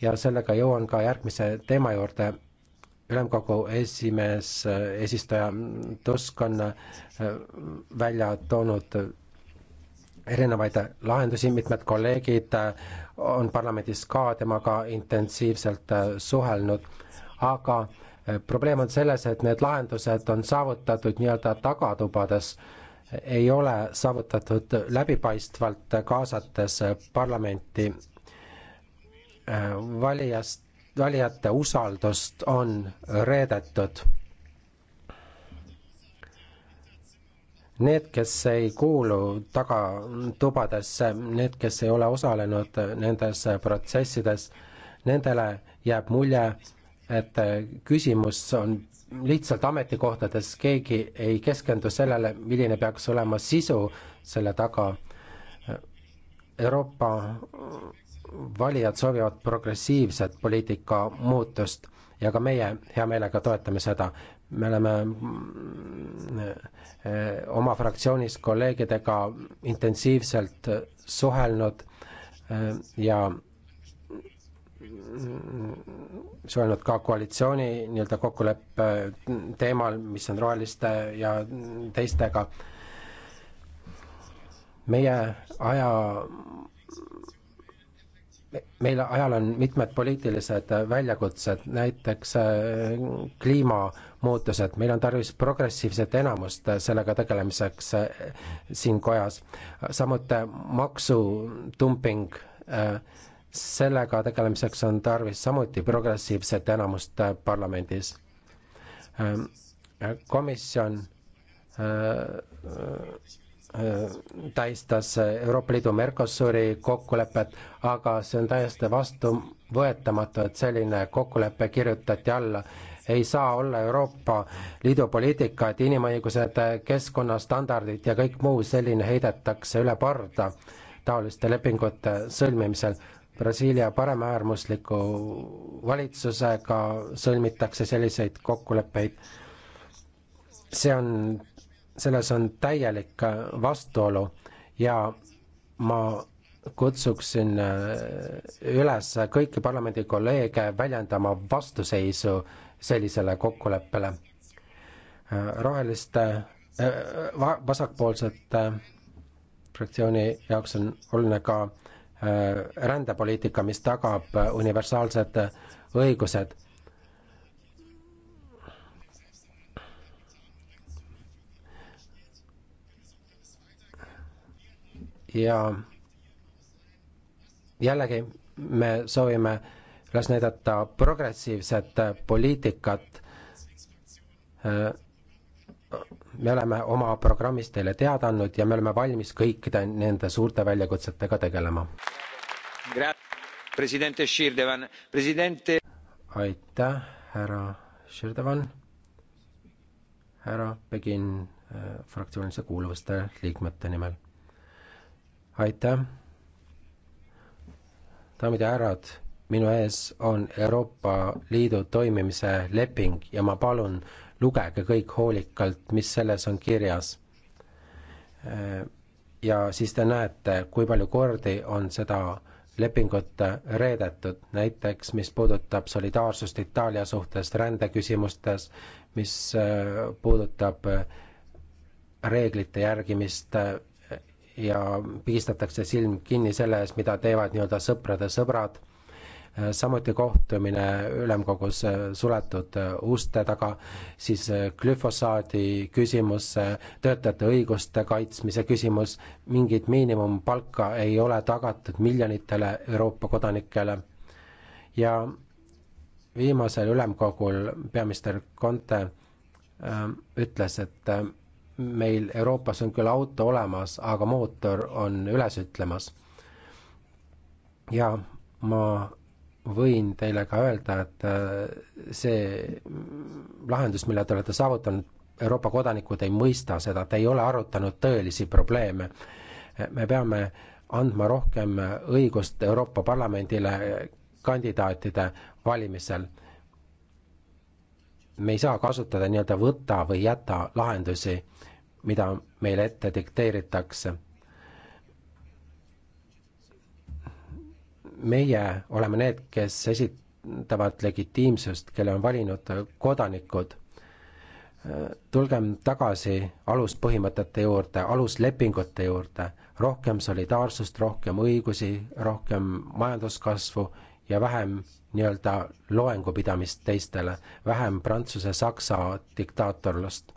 ja sellega jõuan ka järgmise teema juurde. ülemkogu esimees, eesistuja äh, Tusk on äh, välja toonud erinevaid lahendusi, mitmed kolleegid äh, on parlamendis ka temaga intensiivselt äh, suhelnud, aga äh, probleem on selles, et need lahendused on saavutatud nii-öelda tagatubades, ei ole saavutatud läbipaistvalt, kaasates parlamenti. valijast, valijate usaldust on reedetud Need, kes ei kuulu tagatubadesse, need, kes ei ole osalenud nendes protsessides, nendele jääb mulje, et küsimus on lihtsalt ametikohtades, keegi ei keskendu sellele, milline peaks olema sisu selle taga. Euroopa valijad soovivad progressiivset poliitika muutust ja ka meie hea meelega toetame seda me oleme mm, eh, oma fraktsioonis kolleegidega intensiivselt suhelnud eh, ja mm, suhelnud ka koalitsiooni nii-öelda kokkuleppe teemal, mis on roheliste ja teistega. meie aja meil ajal on mitmed poliitilised väljakutsed, näiteks äh, kliimamuutused, meil on tarvis progressiivset enamust sellega tegelemiseks äh, siin kojas. samuti maksutumping, äh, sellega tegelemiseks on tarvis samuti progressiivset enamust parlamendis. komisjon Äh, tähistas äh, Euroopa Liidu Mercosuri kokkulepet, aga see on täiesti vastuvõetamatu, et selline kokkulepe kirjutati alla. ei saa olla Euroopa Liidu poliitika, et inimõigused, äh, keskkonnastandardid ja kõik muu selline heidetakse üle parda taoliste lepingute sõlmimisel. Brasiilia paremäärmusliku valitsusega sõlmitakse selliseid kokkuleppeid. see on selles on täielik äh, vastuolu ja ma kutsuksin äh, üles kõiki parlamendi kolleege väljendama vastuseisu sellisele kokkuleppele. Äh, roheliste, vasakpoolsete fraktsiooni jaoks on oluline ka rändepoliitika, mis tagab universaalsed õigused ja jällegi me soovime üles näidata progressiivset poliitikat. me oleme oma programmis teile teada andnud ja me oleme valmis kõikide nende suurte väljakutsetega tegelema. Presidente... aitäh, härra Širdevan, härra Begin eh, fraktsioonilise kuuluvuste liikmete nimel aitäh. daamid ja härrad, minu ees on Euroopa Liidu toimimise leping ja ma palun, lugege kõik hoolikalt, mis selles on kirjas. ja siis te näete, kui palju kordi on seda lepingut reedetud, näiteks mis puudutab solidaarsust Itaalia suhtes rändeküsimustes, mis puudutab reeglite järgimist ja pigistatakse silm kinni selle ees, mida teevad nii-öelda sõprade sõbrad. samuti kohtumine ülemkogus suletud uste taga, siis glüfosaadi küsimus, töötajate õiguste kaitsmise küsimus, mingit miinimumpalka ei ole tagatud miljonitele Euroopa kodanikele ja viimasel ülemkogul peaminister Conte äh, ütles, et äh, meil Euroopas on küll auto olemas, aga mootor on üles ütlemas. ja ma võin teile ka öelda, et äh, see lahendus, mille te olete saavutanud, Euroopa kodanikud ei mõista seda, te ei ole arutanud tõelisi probleeme. me peame andma rohkem õigust Euroopa Parlamendile kandidaatide valimisel. me ei saa kasutada nii-öelda võta või jäta lahendusi mida meile ette dikteeritakse. meie oleme need, kes esitavad legitiimsust, kelle on valinud kodanikud. tulgem tagasi aluspõhimõtete juurde, aluslepingute juurde, rohkem solidaarsust, rohkem õigusi, rohkem majanduskasvu ja vähem nii-öelda loengupidamist teistele, vähem Prantsuse-Saksa diktaatorlust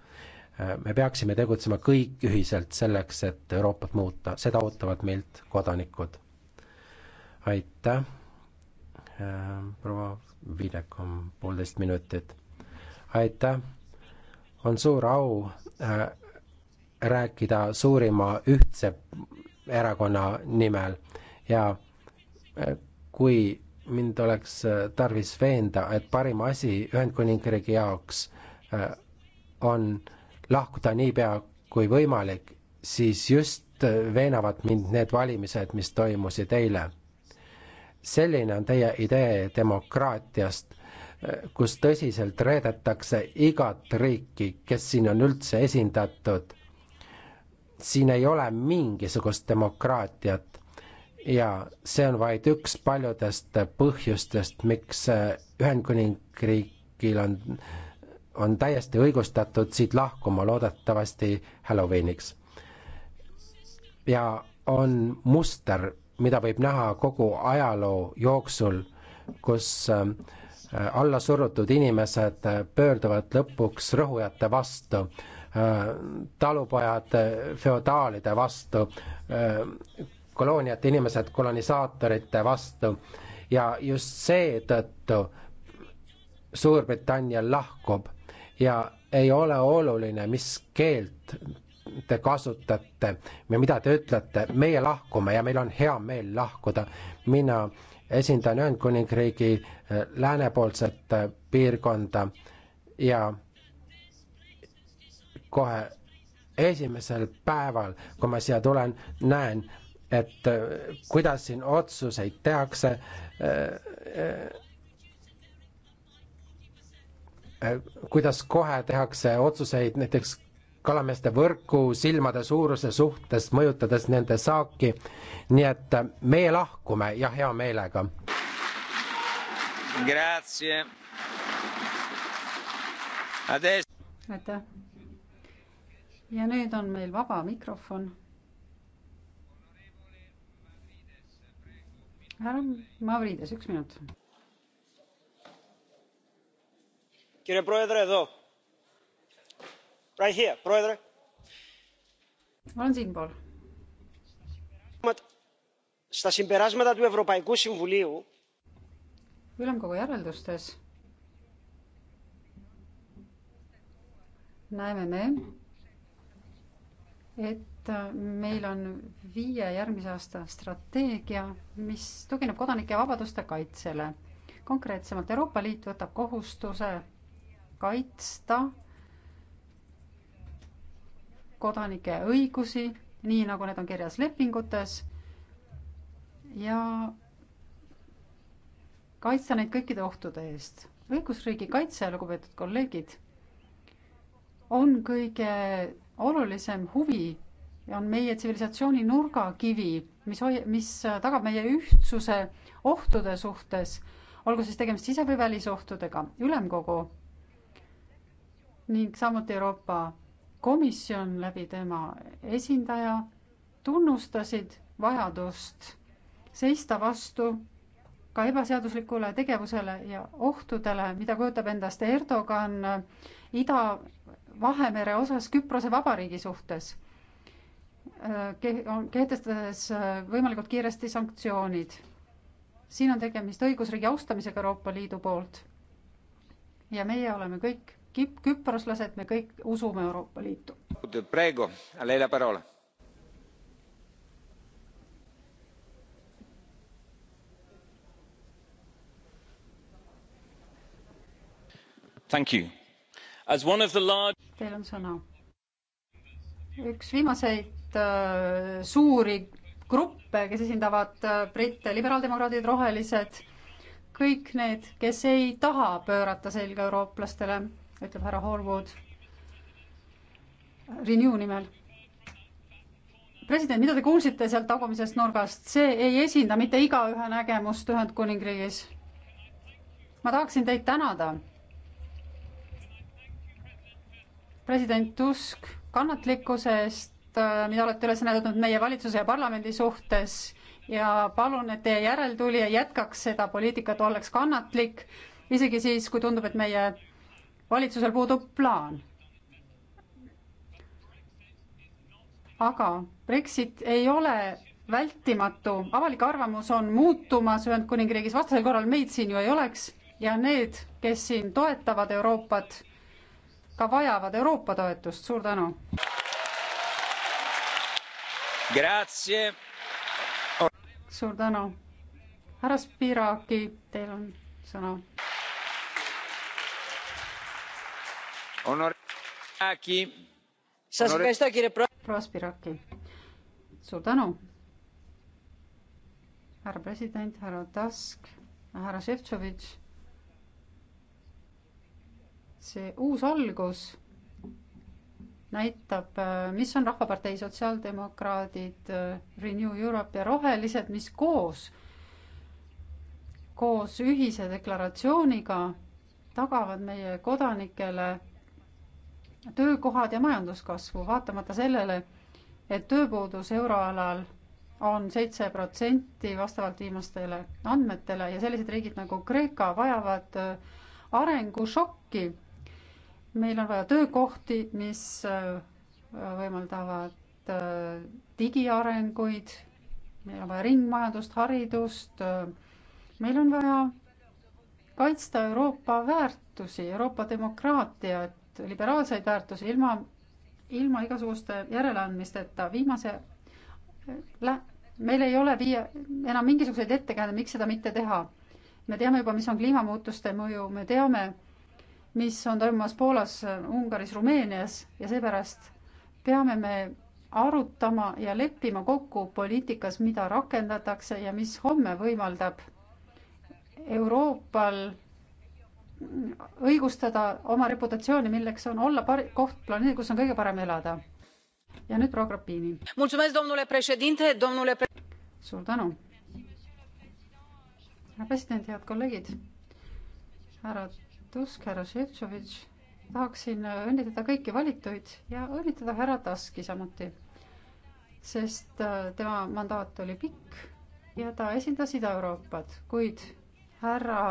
Äh, me peaksime tegutsema kõik ühiselt selleks, et Euroopat muuta, seda ootavad meilt kodanikud. aitäh, äh, proua Vilek on poolteist minutit. aitäh, on suur au äh, rääkida suurima ühtse erakonna nimel ja äh, kui mind oleks äh, tarvis veenda, et parim asi Ühendkuningriigi jaoks äh, on äh, lahkuda niipea kui võimalik, siis just veenavad mind need valimised, mis toimusid eile. selline on teie idee demokraatiast, kus tõsiselt reedetakse igat riiki, kes siin on üldse esindatud. siin ei ole mingisugust demokraatiat ja see on vaid üks paljudest põhjustest, miks Ühendkuningriigil on on täiesti õigustatud siit lahkuma loodetavasti Halloweeniks. ja on muster, mida võib näha kogu ajaloo jooksul, kus äh, allasurutud inimesed äh, pöörduvad lõpuks rõhujate vastu, äh, talupojad feodaalide vastu, kolooniate inimesed kolonisaatorite vastu ja just seetõttu Suurbritannia lahkub ja ei ole oluline, mis keelt te kasutate või mida te ütlete, meie lahkume ja meil on hea meel lahkuda. mina esindan Ühendkuningriigi eh, läänepoolset eh, piirkonda ja kohe esimesel päeval, kui ma siia tulen, näen, et eh, kuidas siin otsuseid tehakse Äh, kuidas kohe tehakse otsuseid näiteks kalameeste võrku silmade suuruse suhtes, mõjutades nende saaki. nii et äh, meie lahkume ja hea meelega. aitäh. ja nüüd on meil vaba mikrofon. härra Mavrides, üks minut olen siinpool. ülemkogu järeldustes näeme me et meil on viie järgmise aasta strateegia, mis tugineb kodanike vabaduste kaitsele. konkreetsemalt Euroopa Liit võtab kohustuse kaitsta kodanike õigusi, nii nagu need on kirjas lepingutes ja kaitsta neid kõikide ohtude eest. õigusriigi kaitse, lugupeetud kolleegid, on kõige olulisem huvi ja on meie tsivilisatsiooni nurgakivi, mis hoi-, mis tagab meie ühtsuse ohtude suhtes, olgu siis tegemist sise- või välisohtudega. ülemkogu ning samuti Euroopa Komisjon läbi tema esindaja tunnustasid vajadust seista vastu ka ebaseaduslikule tegevusele ja ohtudele, mida kujutab endast Erdogan Ida-Vahemere osas Küprose Vabariigi suhtes kehtestades äh, võimalikult kiiresti sanktsioonid. siin on tegemist õigusriigi austamisega Euroopa Liidu poolt. ja meie oleme kõik Kip-, küproslased, me kõik usume Euroopa Liitu. Prego, a lei la parola. Thank you. As one of the large Teil on sõna. üks viimaseid äh, suuri gruppe, kes esindavad äh, britte, liberaaldemokraadid, rohelised, kõik need, kes ei taha pöörata selga eurooplastele ütleb härra Horwood Renew nimel. president, mida te kuulsite sealt tagumisest nurgast, see ei esinda mitte igaühe nägemust Ühendkuningriigis. ma tahaksin teid tänada. president Tusk kannatlikkuse eest, äh, mida olete üles näidanud meie valitsuse ja parlamendi suhtes ja palun, et teie järeltulija jätkaks seda poliitikat, ollaks kannatlik, isegi siis, kui tundub, et meie valitsusel puudub plaan. aga Brexit ei ole vältimatu, avalik arvamus on muutumas Ühendkuningriigis, vastasel korral meid siin ju ei oleks ja need, kes siin toetavad Euroopat, ka vajavad Euroopa toetust, suur tänu. suur tänu. härra Spiraki, teil on sõna proua Spiraki, suur tänu. härra president, härra Tusk, härra Šefčovitš. see uus algus näitab, mis on Rahvapartei Sotsiaaldemokraadid, Renew Europe ja Rohelised, mis koos, koos ühise deklaratsiooniga tagavad meie kodanikele töökohad ja majanduskasvu, vaatamata sellele, et tööpuudus euroalal on seitse protsenti vastavalt viimastele andmetele ja sellised riigid nagu Kreeka vajavad äh, arengušokki. meil on vaja töökohti, mis äh, võimaldavad äh, digiarenguid, meil on vaja ringmajandust, haridust, meil on vaja kaitsta Euroopa väärtusi, Euroopa demokraatiat, poolt liberaalseid väärtusi ilma, ilma igasuguste järeleandmisteta. viimase, meil ei ole viie, enam mingisuguseid ettekäändeid, miks seda mitte teha. me teame juba, mis on kliimamuutuste mõju, me teame, mis on toimumas Poolas, Ungaris, Rumeenias ja seepärast peame me arutama ja leppima kokku poliitikas, mida rakendatakse ja mis homme võimaldab Euroopal õigustada oma reputatsiooni, milleks on olla par-, koht planeedil, kus on kõige parem elada. ja nüüd proua Grapini. suur tänu. härra president, head kolleegid, härra Tusk, härra Šefčovitš, tahaksin õnnitleda kõiki valituid ja õnnitleda härra Taski samuti, sest äh, tema mandaat oli pikk ja ta esindas Ida-Euroopat, kuid härra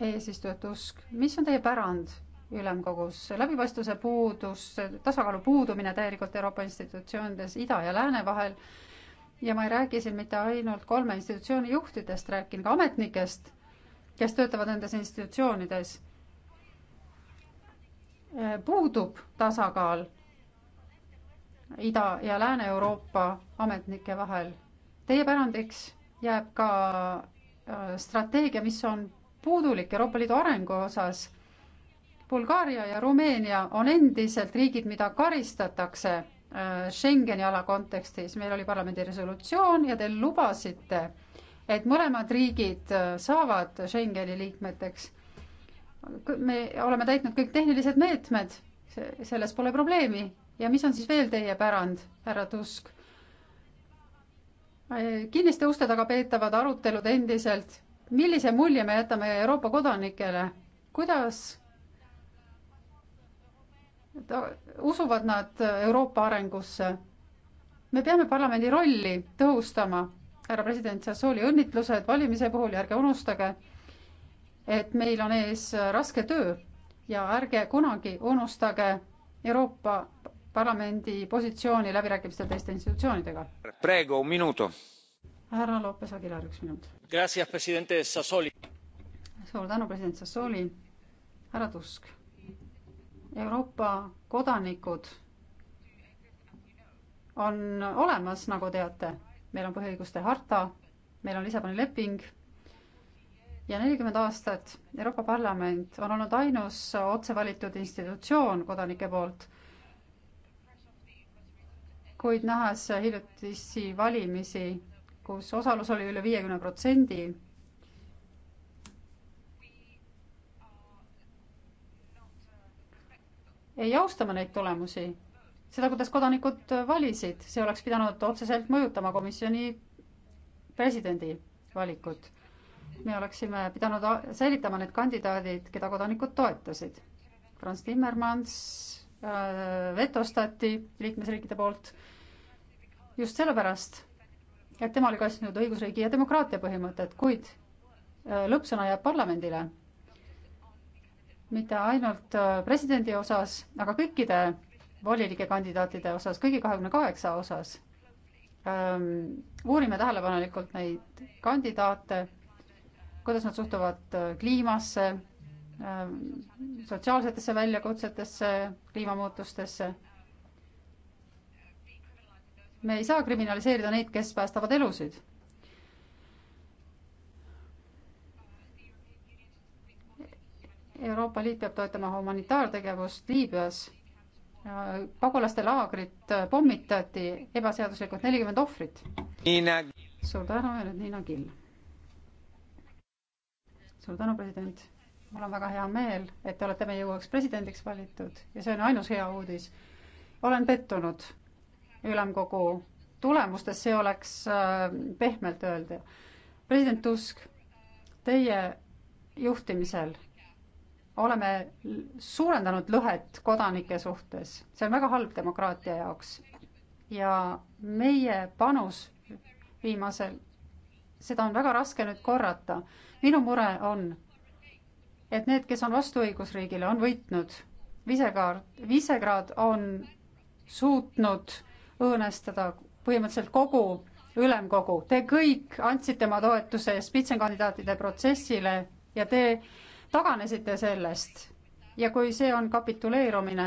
eesistuja Tusk, mis on teie pärand ülemkogus? läbipaistvuse puudus, tasakaalu puudumine täielikult Euroopa institutsioonides ida ja lääne vahel ja ma ei räägi siin mitte ainult kolme institutsiooni juhtidest, räägin ka ametnikest, kes töötavad nendes institutsioonides. Äh, puudub tasakaal Ida- ja Lääne-Euroopa ametnike vahel. Teie pärandiks jääb ka äh, strateegia, mis on puudulik Euroopa Liidu arengu osas. Bulgaaria ja Rumeenia on endiselt riigid, mida karistatakse äh, Schengeni ala kontekstis. meil oli parlamendi resolutsioon ja te lubasite, et mõlemad riigid äh, saavad Schengeni liikmeteks. me oleme täitnud kõik tehnilised meetmed, selles pole probleemi. ja mis on siis veel teie pärand, härra Tusk? Äh, kinniste uste taga peetavad arutelud endiselt millise mulje me jätame Euroopa kodanikele, kuidas ta, usuvad nad Euroopa arengusse? me peame parlamendi rolli tõhustama. härra president Sassooli õnnitlused valimise puhul ja ärge unustage, et meil on ees raske töö ja ärge kunagi unustage Euroopa Parlamendi positsiooni läbirääkimistel teiste institutsioonidega. härra Lopez Aguilar, üks minut suur tänu, president Sassoli. härra Tusk, Euroopa kodanikud on olemas, nagu teate, meil on põhiõiguste harta, meil on Lissaboni leping ja nelikümmend aastat Euroopa Parlament on olnud ainus otsevalitud institutsioon kodanike poolt. kuid nähes hiljutisi valimisi kus osalus oli üle viiekümne protsendi. ei austama neid tulemusi, seda, kuidas kodanikud valisid, see oleks pidanud otseselt mõjutama komisjoni presidendi valikut. me oleksime pidanud säilitama need kandidaadid, keda kodanikud toetasid. Franz Timmermans äh, vetostati liikmesriikide poolt just sellepärast et tema oli kaitsnud õigusriigi ja demokraatia põhimõtet, kuid äh, lõppsõna jääb parlamendile. mitte ainult äh, presidendi osas, aga kõikide volinike kandidaatide osas, kõigi kahekümne kaheksa osas. Ähm, uurime tähelepanelikult neid kandidaate, kuidas nad suhtuvad äh, kliimasse, ähm, sotsiaalsetesse väljakutsetesse, kliimamuutustesse me ei saa kriminaliseerida neid, kes päästavad elusid. Euroopa Liit peab toetama humanitaartegevust Liibüas. pagulaste laagrit pommitati ebaseaduslikult nelikümmend ohvrit. suur tänu ja nüüd Niina Kill. suur tänu, president mul on väga hea meel, et te olete meie uueks presidendiks valitud ja see on ainus hea uudis. olen pettunud ülemkogu tulemustest, see oleks äh, pehmelt öelda. president Tusk, teie juhtimisel oleme suurendanud lõhet kodanike suhtes, see on väga halb demokraatia jaoks. ja meie panus viimasel, seda on väga raske nüüd korrata. minu mure on, et need, kes on vastu õigusriigile, on võitnud. Visegrad, Visegrad on suutnud õõnestada põhimõtteliselt kogu ülemkogu. Te kõik andsite oma toetuse spitsenkandidaatide protsessile ja te taganesite sellest. ja kui see on kapituleerumine,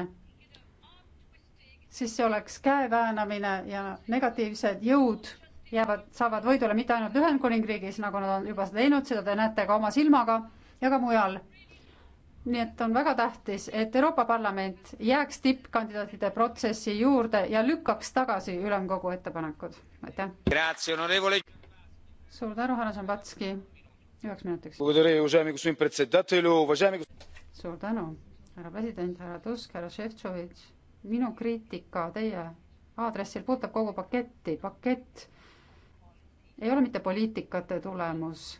siis see oleks käeväänamine ja negatiivsed jõud jäävad, saavad võidule mitte ainult Ühendkuningriigis, nagu nad on juba seda teinud, seda te näete ka oma silmaga, ja ka mujal nii et on väga tähtis, et Euroopa Parlament jääks tippkandidaatide protsessi juurde ja lükkaks tagasi ülemkogu ettepanekud. aitäh. suur tänu, härra Zambatski, üheks minutiks. suur tänu, härra president, härra Tusk, härra Šeftšovitš. minu kriitika teie aadressil puudutab kogu paketti, pakett ei ole mitte poliitikate tulemus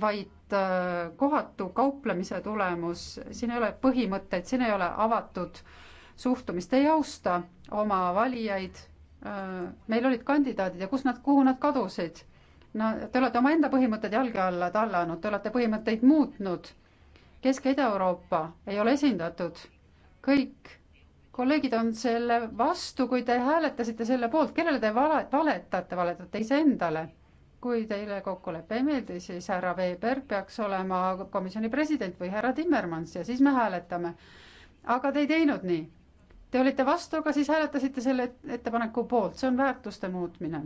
vaid äh, kohatu kauplemise tulemus, siin ei ole põhimõtteid, siin ei ole avatud suhtumist, ei austa oma valijaid. Äh, meil olid kandidaadid ja kus nad, kuhu nad kadusid? no te olete omaenda põhimõtted jalge alla tallanud, te olete põhimõtteid muutnud. Kesk- ja Ida-Euroopa ei ole esindatud. kõik kolleegid on selle vastu, kui te hääletasite selle poolt, kellele te vale, valetate, valetate iseendale kui teile kokkulepe ei meeldi, siis härra Weber peaks olema komisjoni president või härra Timmermans ja siis me hääletame. aga te ei teinud nii. Te olite vastu, aga siis hääletasite selle ettepaneku poolt, see on väärtuste muutmine.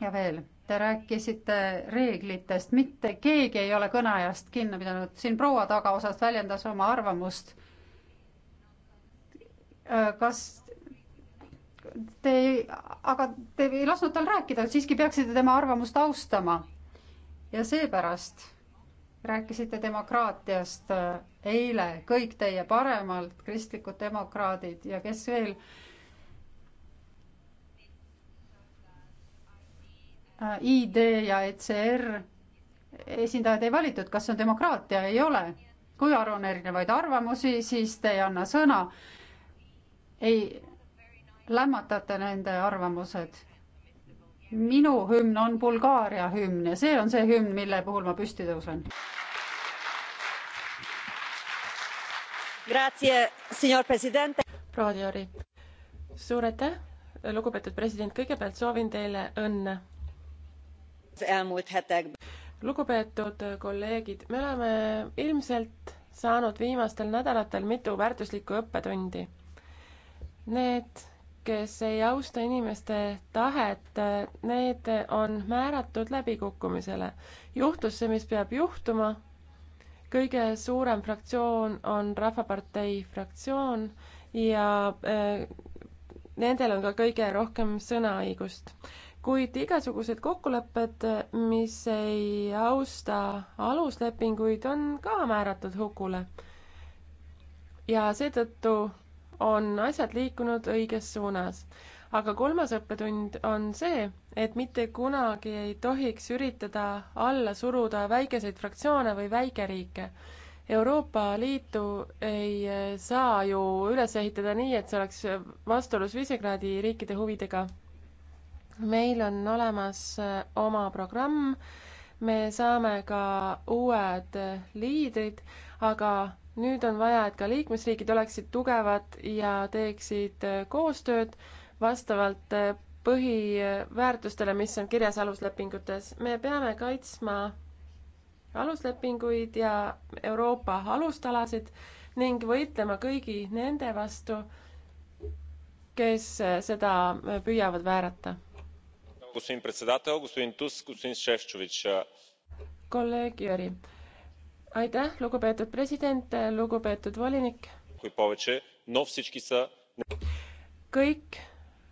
ja veel, te rääkisite reeglitest, mitte keegi ei ole kõneajast kinni pidanud, siin proua tagaosas väljendas oma arvamust. kas te ei, aga te ei lasknud tal rääkida, siiski peaksite tema arvamust austama. ja seepärast rääkisite demokraatiast äh, eile kõik teie paremalt, kristlikud demokraadid ja kes veel. Äh, ID ja ECR esindajad ei valitud, kas see on demokraatia, ei ole. kui arvan erinevaid arvamusi, siis te ei anna sõna. ei lämmatate nende arvamused. minu hümn on Bulgaaria hümn ja see on see hümn, mille puhul ma püsti tõusen. proua Diori, suur aitäh, lugupeetud president, kõigepealt soovin teile õnne lugupeetud kolleegid, me oleme ilmselt saanud viimastel nädalatel mitu väärtuslikku õppetundi. Need kes ei austa inimeste tahet, need on määratud läbikukkumisele. juhtus see, mis peab juhtuma. kõige suurem fraktsioon on Rahvapartei fraktsioon ja äh, nendel on ka kõige rohkem sõnaõigust. kuid igasugused kokkulepped, mis ei austa aluslepinguid, on ka määratud hukule. ja seetõttu on asjad liikunud õiges suunas. aga kolmas õppetund on see, et mitte kunagi ei tohiks üritada alla suruda väikeseid fraktsioone või väikeriike Euroopa Liitu ei saa ju üles ehitada nii, et see oleks vastuolus Visegradi riikide huvidega. meil on olemas äh, oma programm, me saame ka uued liidrid, aga nüüd on vaja, et ka liikmesriigid oleksid tugevad ja teeksid äh, koostööd vastavalt äh, põhiväärtustele, mis on kirjas aluslepingutes. me peame kaitsma aluslepinguid ja Euroopa alustalasid ning võitlema kõigi nende vastu, kes äh, seda püüavad väärata. kolleeg Jüri aitäh, lugupeetud president, lugupeetud volinik. kõik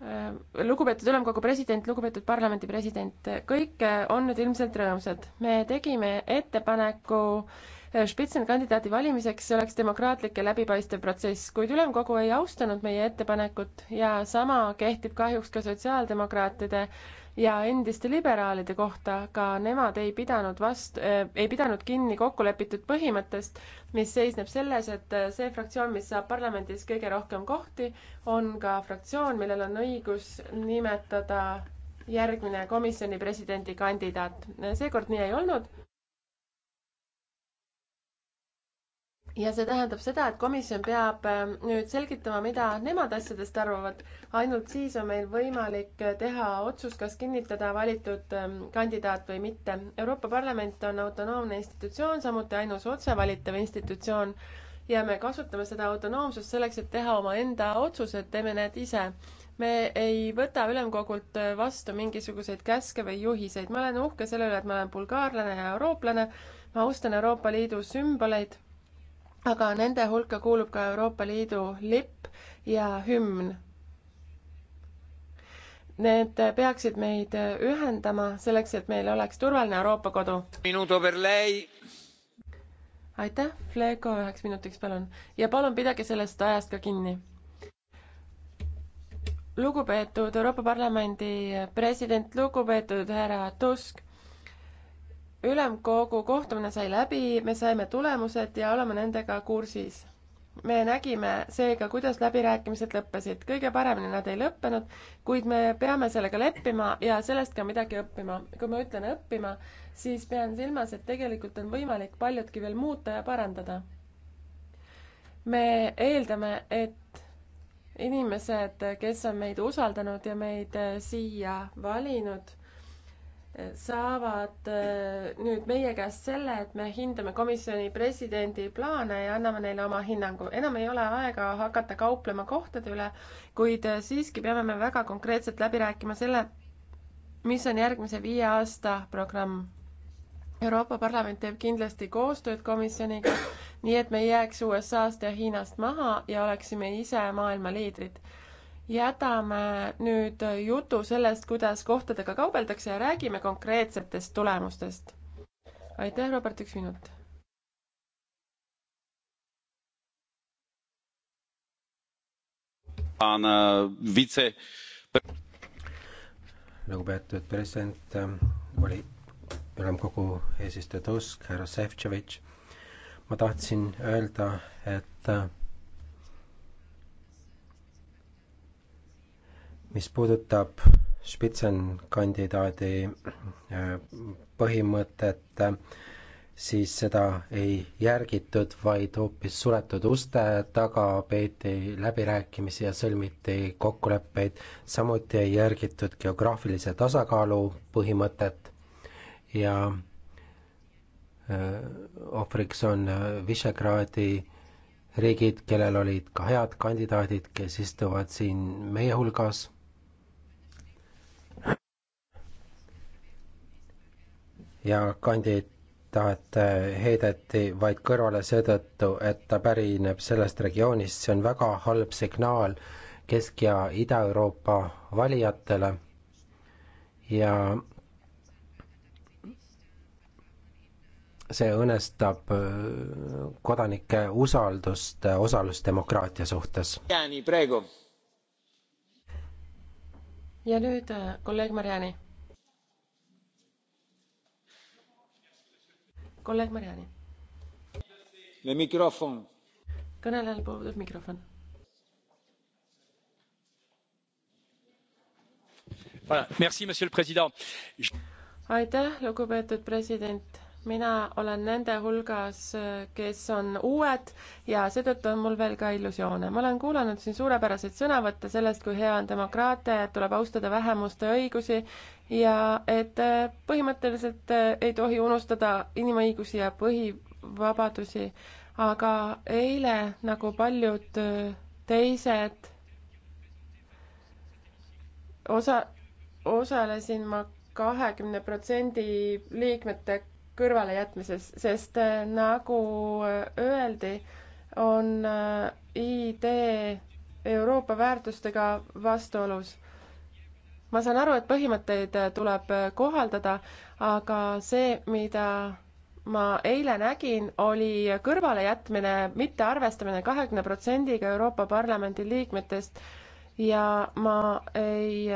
äh, lugupeetud ülemkogu president, lugupeetud parlamendi president, kõik äh, on nüüd ilmselt rõõmsad. me tegime ettepaneku äh, spitsenkandidaadi valimiseks, see oleks demokraatlik ja läbipaistev protsess, kuid ülemkogu ei austanud meie ettepanekut ja sama kehtib kahjuks ka sotsiaaldemokraatide ja endiste liberaalide kohta, ka nemad ei pidanud vast- äh,, ei pidanud kinni kokkulepitud põhimõttest, mis seisneb selles, et eh, see fraktsioon, mis saab parlamendis kõige rohkem kohti, on ka fraktsioon, millel on õigus nimetada järgmine komisjoni presidendi kandidaat. seekord nii ei olnud ja see tähendab seda, et komisjon peab äh, nüüd selgitama, mida nemad asjadest arvavad. ainult siis on meil võimalik teha otsus, kas kinnitada valitud ähm, kandidaat või mitte. Euroopa Parlament on autonoomne institutsioon, samuti ainus otsevalitav institutsioon ja me kasutame seda autonoomsust selleks, et teha omaenda otsused, teeme need ise me ei võta ülemkogult äh, vastu mingisuguseid käske või juhiseid. ma olen uhke selle üle, et ma olen bulgaarlane ja eurooplane. ma austan Euroopa Liidu sümboleid aga nende hulka kuulub ka Euroopa Liidu lipp ja hümn. Need peaksid meid ühendama selleks, et meil oleks turvaline Euroopa kodu. aitäh, Flego, üheks minutiks palun ja palun pidage sellest ajast ka kinni lugupeetud Euroopa Parlamendi president, lugupeetud härra Tusk ülemkogu kohtumine sai läbi, me saime tulemused ja oleme nendega kursis. me nägime seega, kuidas läbirääkimised lõppesid, kõige paremini nad ei lõppenud, kuid me peame sellega leppima ja sellest ka midagi õppima. kui ma ütlen õppima, siis pean silmas, et tegelikult on võimalik paljutki veel muuta ja parandada. me eeldame, et inimesed, kes on meid usaldanud ja meid siia valinud saavad äh, nüüd meie käest selle, et me hindame komisjoni presidendi plaane ja anname neile oma hinnangu. enam ei ole aega hakata kauplema kohtade üle, kuid äh, siiski peame me väga konkreetselt läbi rääkima selle, mis on järgmise viie aasta programm. Euroopa Parlament teeb kindlasti koostööd komisjoniga, nii et me ei jääks USA-st ja Hiinast maha ja oleksime ise maailma liidrid jätame nüüd jutu sellest, kuidas kohtadega kaubeldakse ja räägime konkreetsetest tulemustest. aitäh, Robert, üks minut. E, lugupeetud president, e, oli ülemkogu eesistuja Tusk, härra Šefčovitš. ma tahtsin öelda, et e, mis puudutab spitsenkandidaadi äh, põhimõtet, siis seda ei järgitud, vaid hoopis suletud uste taga peeti läbirääkimisi ja sõlmiti kokkuleppeid. samuti ei järgitud geograafilise tasakaalu põhimõtet ja äh, ohvriks on äh, Visegradi riigid, kellel olid ka head kandidaadid, kes istuvad siin meie hulgas ja kandidaat heideti vaid kõrvale seetõttu, et ta pärineb sellest regioonist, see on väga halb signaal Kesk- ja Ida-Euroopa valijatele ja see õõnestab äh, kodanike usaldust, äh, osalusdemokraatia suhtes. ja nüüd äh, kolleeg Mariani kolleeg Mariani. mikrofon. kõnelejal puudub mikrofon. aitäh, lugupeetud president mina olen nende hulgas, kes on uued ja seetõttu on mul veel ka illusioone. ma olen kuulanud siin suurepäraseid sõnavõtte sellest, kui hea on demokraatia, et tuleb austada vähemuste õigusi ja et põhimõtteliselt ei tohi unustada inimõigusi ja põhivabadusi. aga eile, nagu paljud teised, osa, osalesin ma kahekümne protsendi liikmete kõrvalejätmises, sest äh, nagu äh, öeldi, on äh, idee Euroopa väärtustega vastuolus. ma saan aru, et põhimõtteid tuleb kohaldada, aga see, mida ma eile nägin, oli kõrvalejätmine, mitte arvestamine kahekümne protsendiga Euroopa Parlamendi liikmetest ja ma ei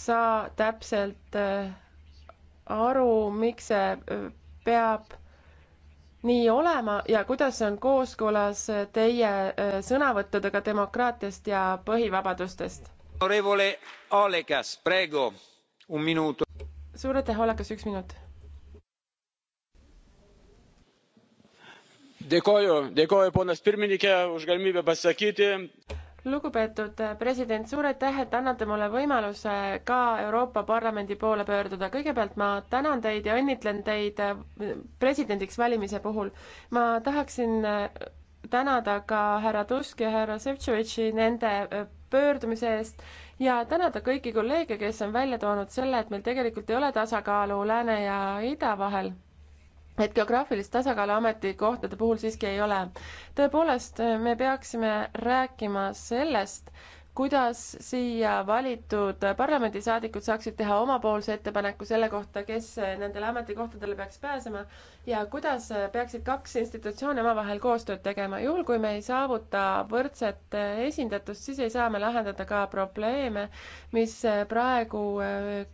saa täpselt aru, miks see peab nii olema ja kuidas see on kooskõlas äh, teie äh, sõnavõttudega demokraatiast ja põhivabadustest? suur aitäh, Olekas, üks minut. dėkoju, dėkoju, ponas pirmininke, už galimybę pasakyti lugupeetud president, suur aitäh, et annate mulle võimaluse ka Euroopa Parlamendi poole pöörduda. kõigepealt ma tänan teid ja õnnitlen teid presidendiks valimise puhul. ma tahaksin tänada ka härra Tusk ja härra Šefčovitši nende pöördumise eest ja tänada kõiki kolleege, kes on välja toonud selle, et meil tegelikult ei ole tasakaalu lääne ja ida vahel et geograafilist tasakaalu ametikohtade puhul siiski ei ole. tõepoolest, me peaksime rääkima sellest, kuidas siia valitud parlamendisaadikud saaksid teha omapoolse ettepaneku selle kohta, kes nendele ametikohtadele peaks pääsema ja kuidas peaksid kaks institutsiooni omavahel koostööd tegema. juhul, kui me ei saavuta võrdset esindatust, siis ei saa me lahendada ka probleeme, mis praegu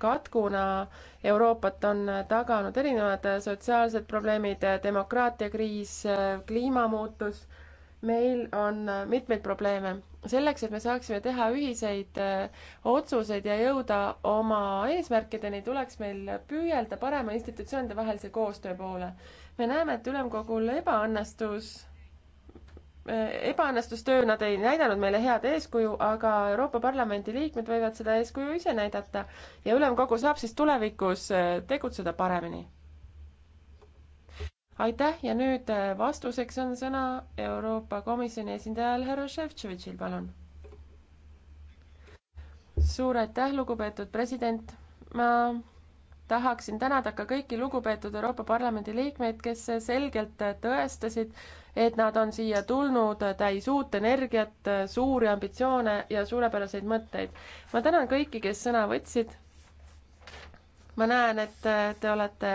katkuna Euroopat on taganud, erinevad sotsiaalsed probleemid, demokraatiakriis, kliimamuutus, meil on mitmeid probleeme selleks, et me saaksime teha ühiseid äh, otsuseid ja jõuda oma eesmärkideni, tuleks meil püüelda parema institutsioonide vahelise koostöö poole. me näeme, et ülemkogul ebaõnnestus äh, ebaõnnestustöö, nad ei näidanud meile head eeskuju, aga Euroopa Parlamendi liikmed võivad seda eeskuju ise näidata ja ülemkogu saab siis tulevikus äh, tegutseda paremini aitäh ja nüüd äh, vastuseks on sõna Euroopa Komisjoni esindajal härra Šefčovitšil, palun. suur aitäh, lugupeetud president, ma tahaksin tänada ka kõiki lugupeetud Euroopa Parlamendi liikmeid, kes selgelt tõestasid, et nad on siia tulnud täis uut energiat, suuri ambitsioone ja suurepäraseid mõtteid. ma tänan kõiki, kes sõna võtsid. ma näen, et te olete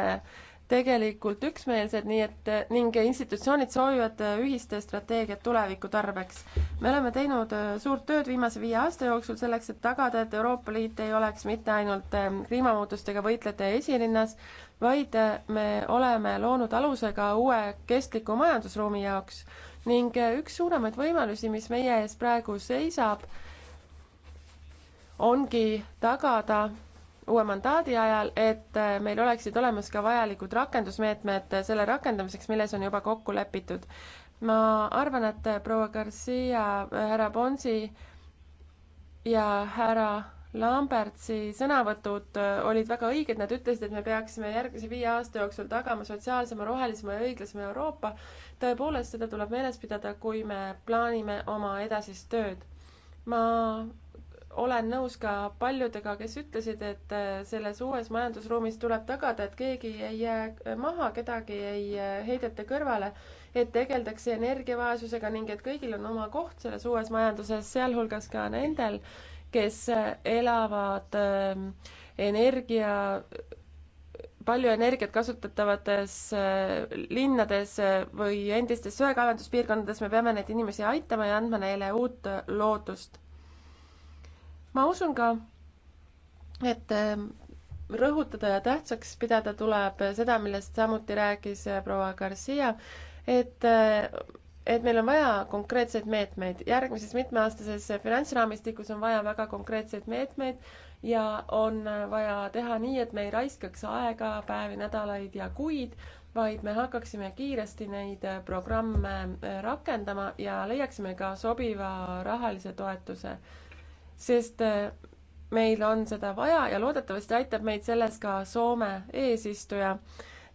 tegelikult üksmeelsed, nii et ning institutsioonid soovivad ühist strateegiat tuleviku tarbeks. me oleme teinud äh, suurt tööd viimase viie aasta jooksul selleks, et tagada, et Euroopa Liit ei oleks mitte ainult äh, kliimamuutustega võitlejate esilinnas, vaid äh, me oleme loonud aluse ka uue kestliku majandusruumi jaoks ning üks suuremaid võimalusi, mis meie ees praegu seisab, ongi tagada uue mandaadi ajal, et äh, meil oleksid olemas ka vajalikud rakendusmeetmed äh, selle rakendamiseks, milles on juba kokku lepitud. ma arvan, et äh, proua Garcia, härra Bonsi ja härra Lambertsi sõnavõtud olid väga õiged, nad ütlesid, et me peaksime järgmise viie aasta jooksul tagama sotsiaalsema, rohelisema ja õiglasema Euroopa. tõepoolest, seda tuleb meeles pidada, kui me plaanime oma edasist tööd. ma olen nõus ka paljudega, kes ütlesid, et äh, selles uues majandusruumis tuleb tagada, et keegi ei jää äh, maha, kedagi ei äh, heideta kõrvale, et tegeldakse energiavaesusega ning et kõigil on oma koht selles uues majanduses, sealhulgas ka nendel, kes elavad ähm, energia, palju energiat kasutatavates linnades või endistes söekaevanduspiirkondades, me peame neid inimesi aitama ja andma neile uut lootust ma usun ka, et ähm, rõhutada ja tähtsaks pidada tuleb seda, millest samuti rääkis äh, proua Garcia, et äh, et meil on vaja konkreetseid meetmeid, järgmises mitmeaastases finantsraamistikus on vaja väga konkreetseid meetmeid ja on äh, vaja teha nii, et me ei raiskaks aega, päevi, nädalaid ja kuid, vaid me hakkaksime kiiresti neid programme rakendama ja leiaksime ka sobiva rahalise toetuse sest äh, meil on seda vaja ja loodetavasti aitab meid selles ka Soome eesistuja,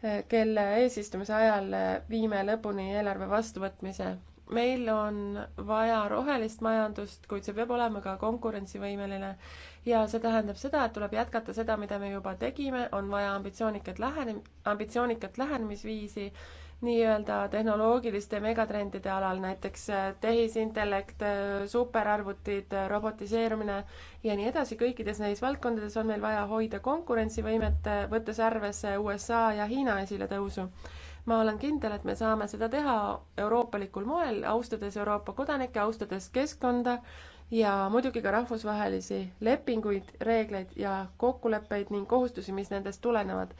äh, kelle eesistumise ajal äh, viime lõpuni eelarve vastuvõtmise. meil on vaja rohelist majandust, kuid see peab olema ka konkurentsivõimeline ja see tähendab seda, et tuleb jätkata seda, mida me juba tegime, on vaja ambitsioonikat lähenem-, ambitsioonikat lähenemisviisi nii-öelda tehnoloogiliste megatrendide alal, näiteks äh, tehisintellekt, äh, superarvutid, äh, robotiseerumine ja nii edasi, kõikides neis valdkondades on meil vaja hoida konkurentsivõimet, võttes arvesse USA ja Hiina esiletõusu. ma olen kindel, et me saame seda teha euroopalikul moel, austades Euroopa kodanikke, austades keskkonda ja muidugi ka rahvusvahelisi lepinguid, reegleid ja kokkuleppeid ning kohustusi, mis nendest tulenevad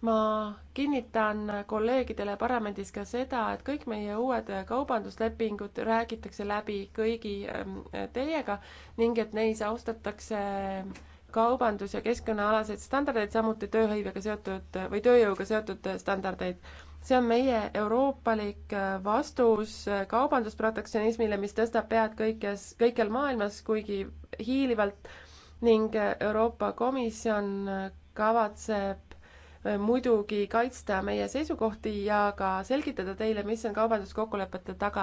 ma kinnitan kolleegidele parlamendis ka seda, et kõik meie uued kaubanduslepingud räägitakse läbi kõigi ähm, teiega ning et neis austatakse kaubandus- ja keskkonnaalaseid standardeid, samuti tööhõivega seotud või tööjõuga seotud standardeid. see on meie euroopalik vastus kaubandusprotektsionismile, mis tõstab pead kõikjas, kõikjal maailmas, kuigi hiilivalt ning Euroopa Komisjon kavatseb Äh, muidugi kaitsta meie seisukohti ja ka selgitada teile, mis on kaubanduskokkulepete taga.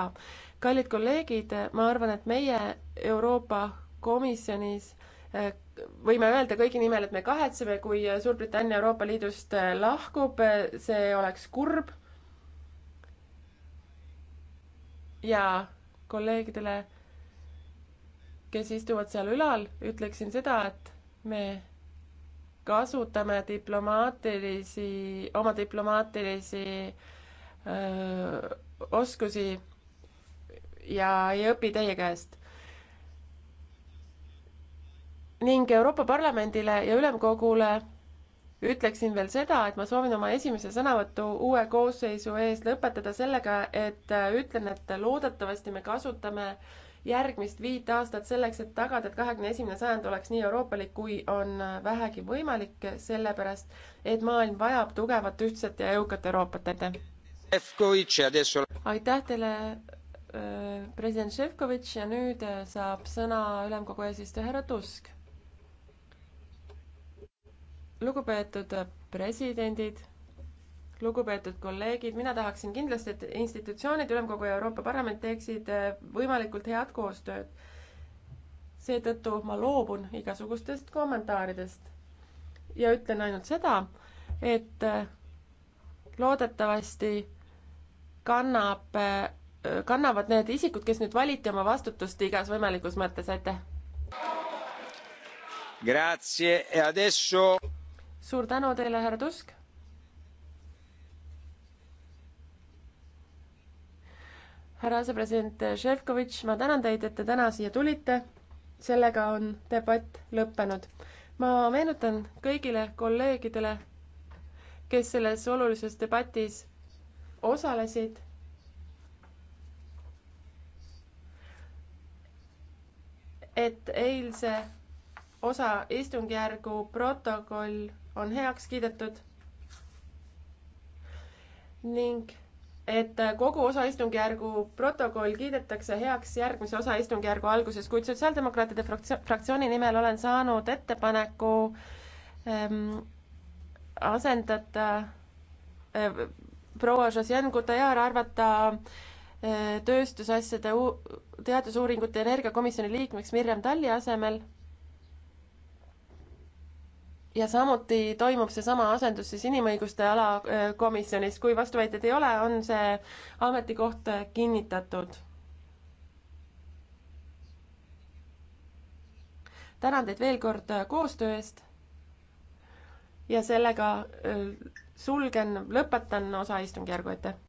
kallid kolleegid, ma arvan, et meie Euroopa Komisjonis äh, võime öelda kõigi nimel, et me kahetseme, kui Suurbritannia Euroopa Liidust äh, lahkub, see oleks kurb. ja kolleegidele, kes istuvad seal ülal, ütleksin seda, et me kasutame diplomaatilisi, oma diplomaatilisi öö, oskusi ja ei õpi teie käest. ning Euroopa Parlamendile ja Ülemkogule ütleksin veel seda, et ma soovin oma esimese sõnavõtu uue koosseisu ees lõpetada sellega, et äh, ütlen, et loodetavasti me kasutame äh, järgmist viit aastat selleks, et tagada, et kahekümne esimene sajand oleks nii euroopalik, kui on äh, vähegi võimalik, sellepärast et maailm vajab tugevat, ühtset ja jõukat Euroopat, aitäh! aitäh teile, äh, president Šefkovitš ja nüüd äh, saab sõna ülemkogu eesistuja härra Tusk. lugupeetud presidendid lugupeetud kolleegid, mina tahaksin kindlasti, et institutsioonid, Ülemkogu ja Euroopa Parlament teeksid äh, võimalikult head koostööd. seetõttu ma loobun igasugustest kommentaaridest ja ütlen ainult seda, et äh, loodetavasti kannab, äh, kannavad need isikud, kes nüüd valiti, oma vastutust igas võimalikus mõttes, aitäh! E suur tänu teile, härra Tusk! härra asepresident Šefkovitš, ma tänan teid, et te täna siia tulite. sellega on debatt lõppenud. ma meenutan kõigile kolleegidele, kes selles olulises debatis osalesid, et eilse osa istungjärgu protokoll on heaks kiidetud ning et kogu osaistungjärgu protokoll kiidetakse heaks järgmise osaistungjärgu alguses, kuid Sotsiaaldemokraatide fraktsiooni nimel olen saanud ettepaneku ähm, asendada äh, proua Josiane Gutajar arvata äh, tööstusasjade, teadusuuringute ja energiakomisjoni liikmeks Mirjam Talli asemel ja samuti toimub seesama asendus siis inimõiguste alakomisjonis, äh, kui vastuväiteid ei ole, on see ametikoht äh, kinnitatud. tänan teid veel kord äh, koostöö eest ja sellega sulgen, lõpetan osa istungjärgu, aitäh!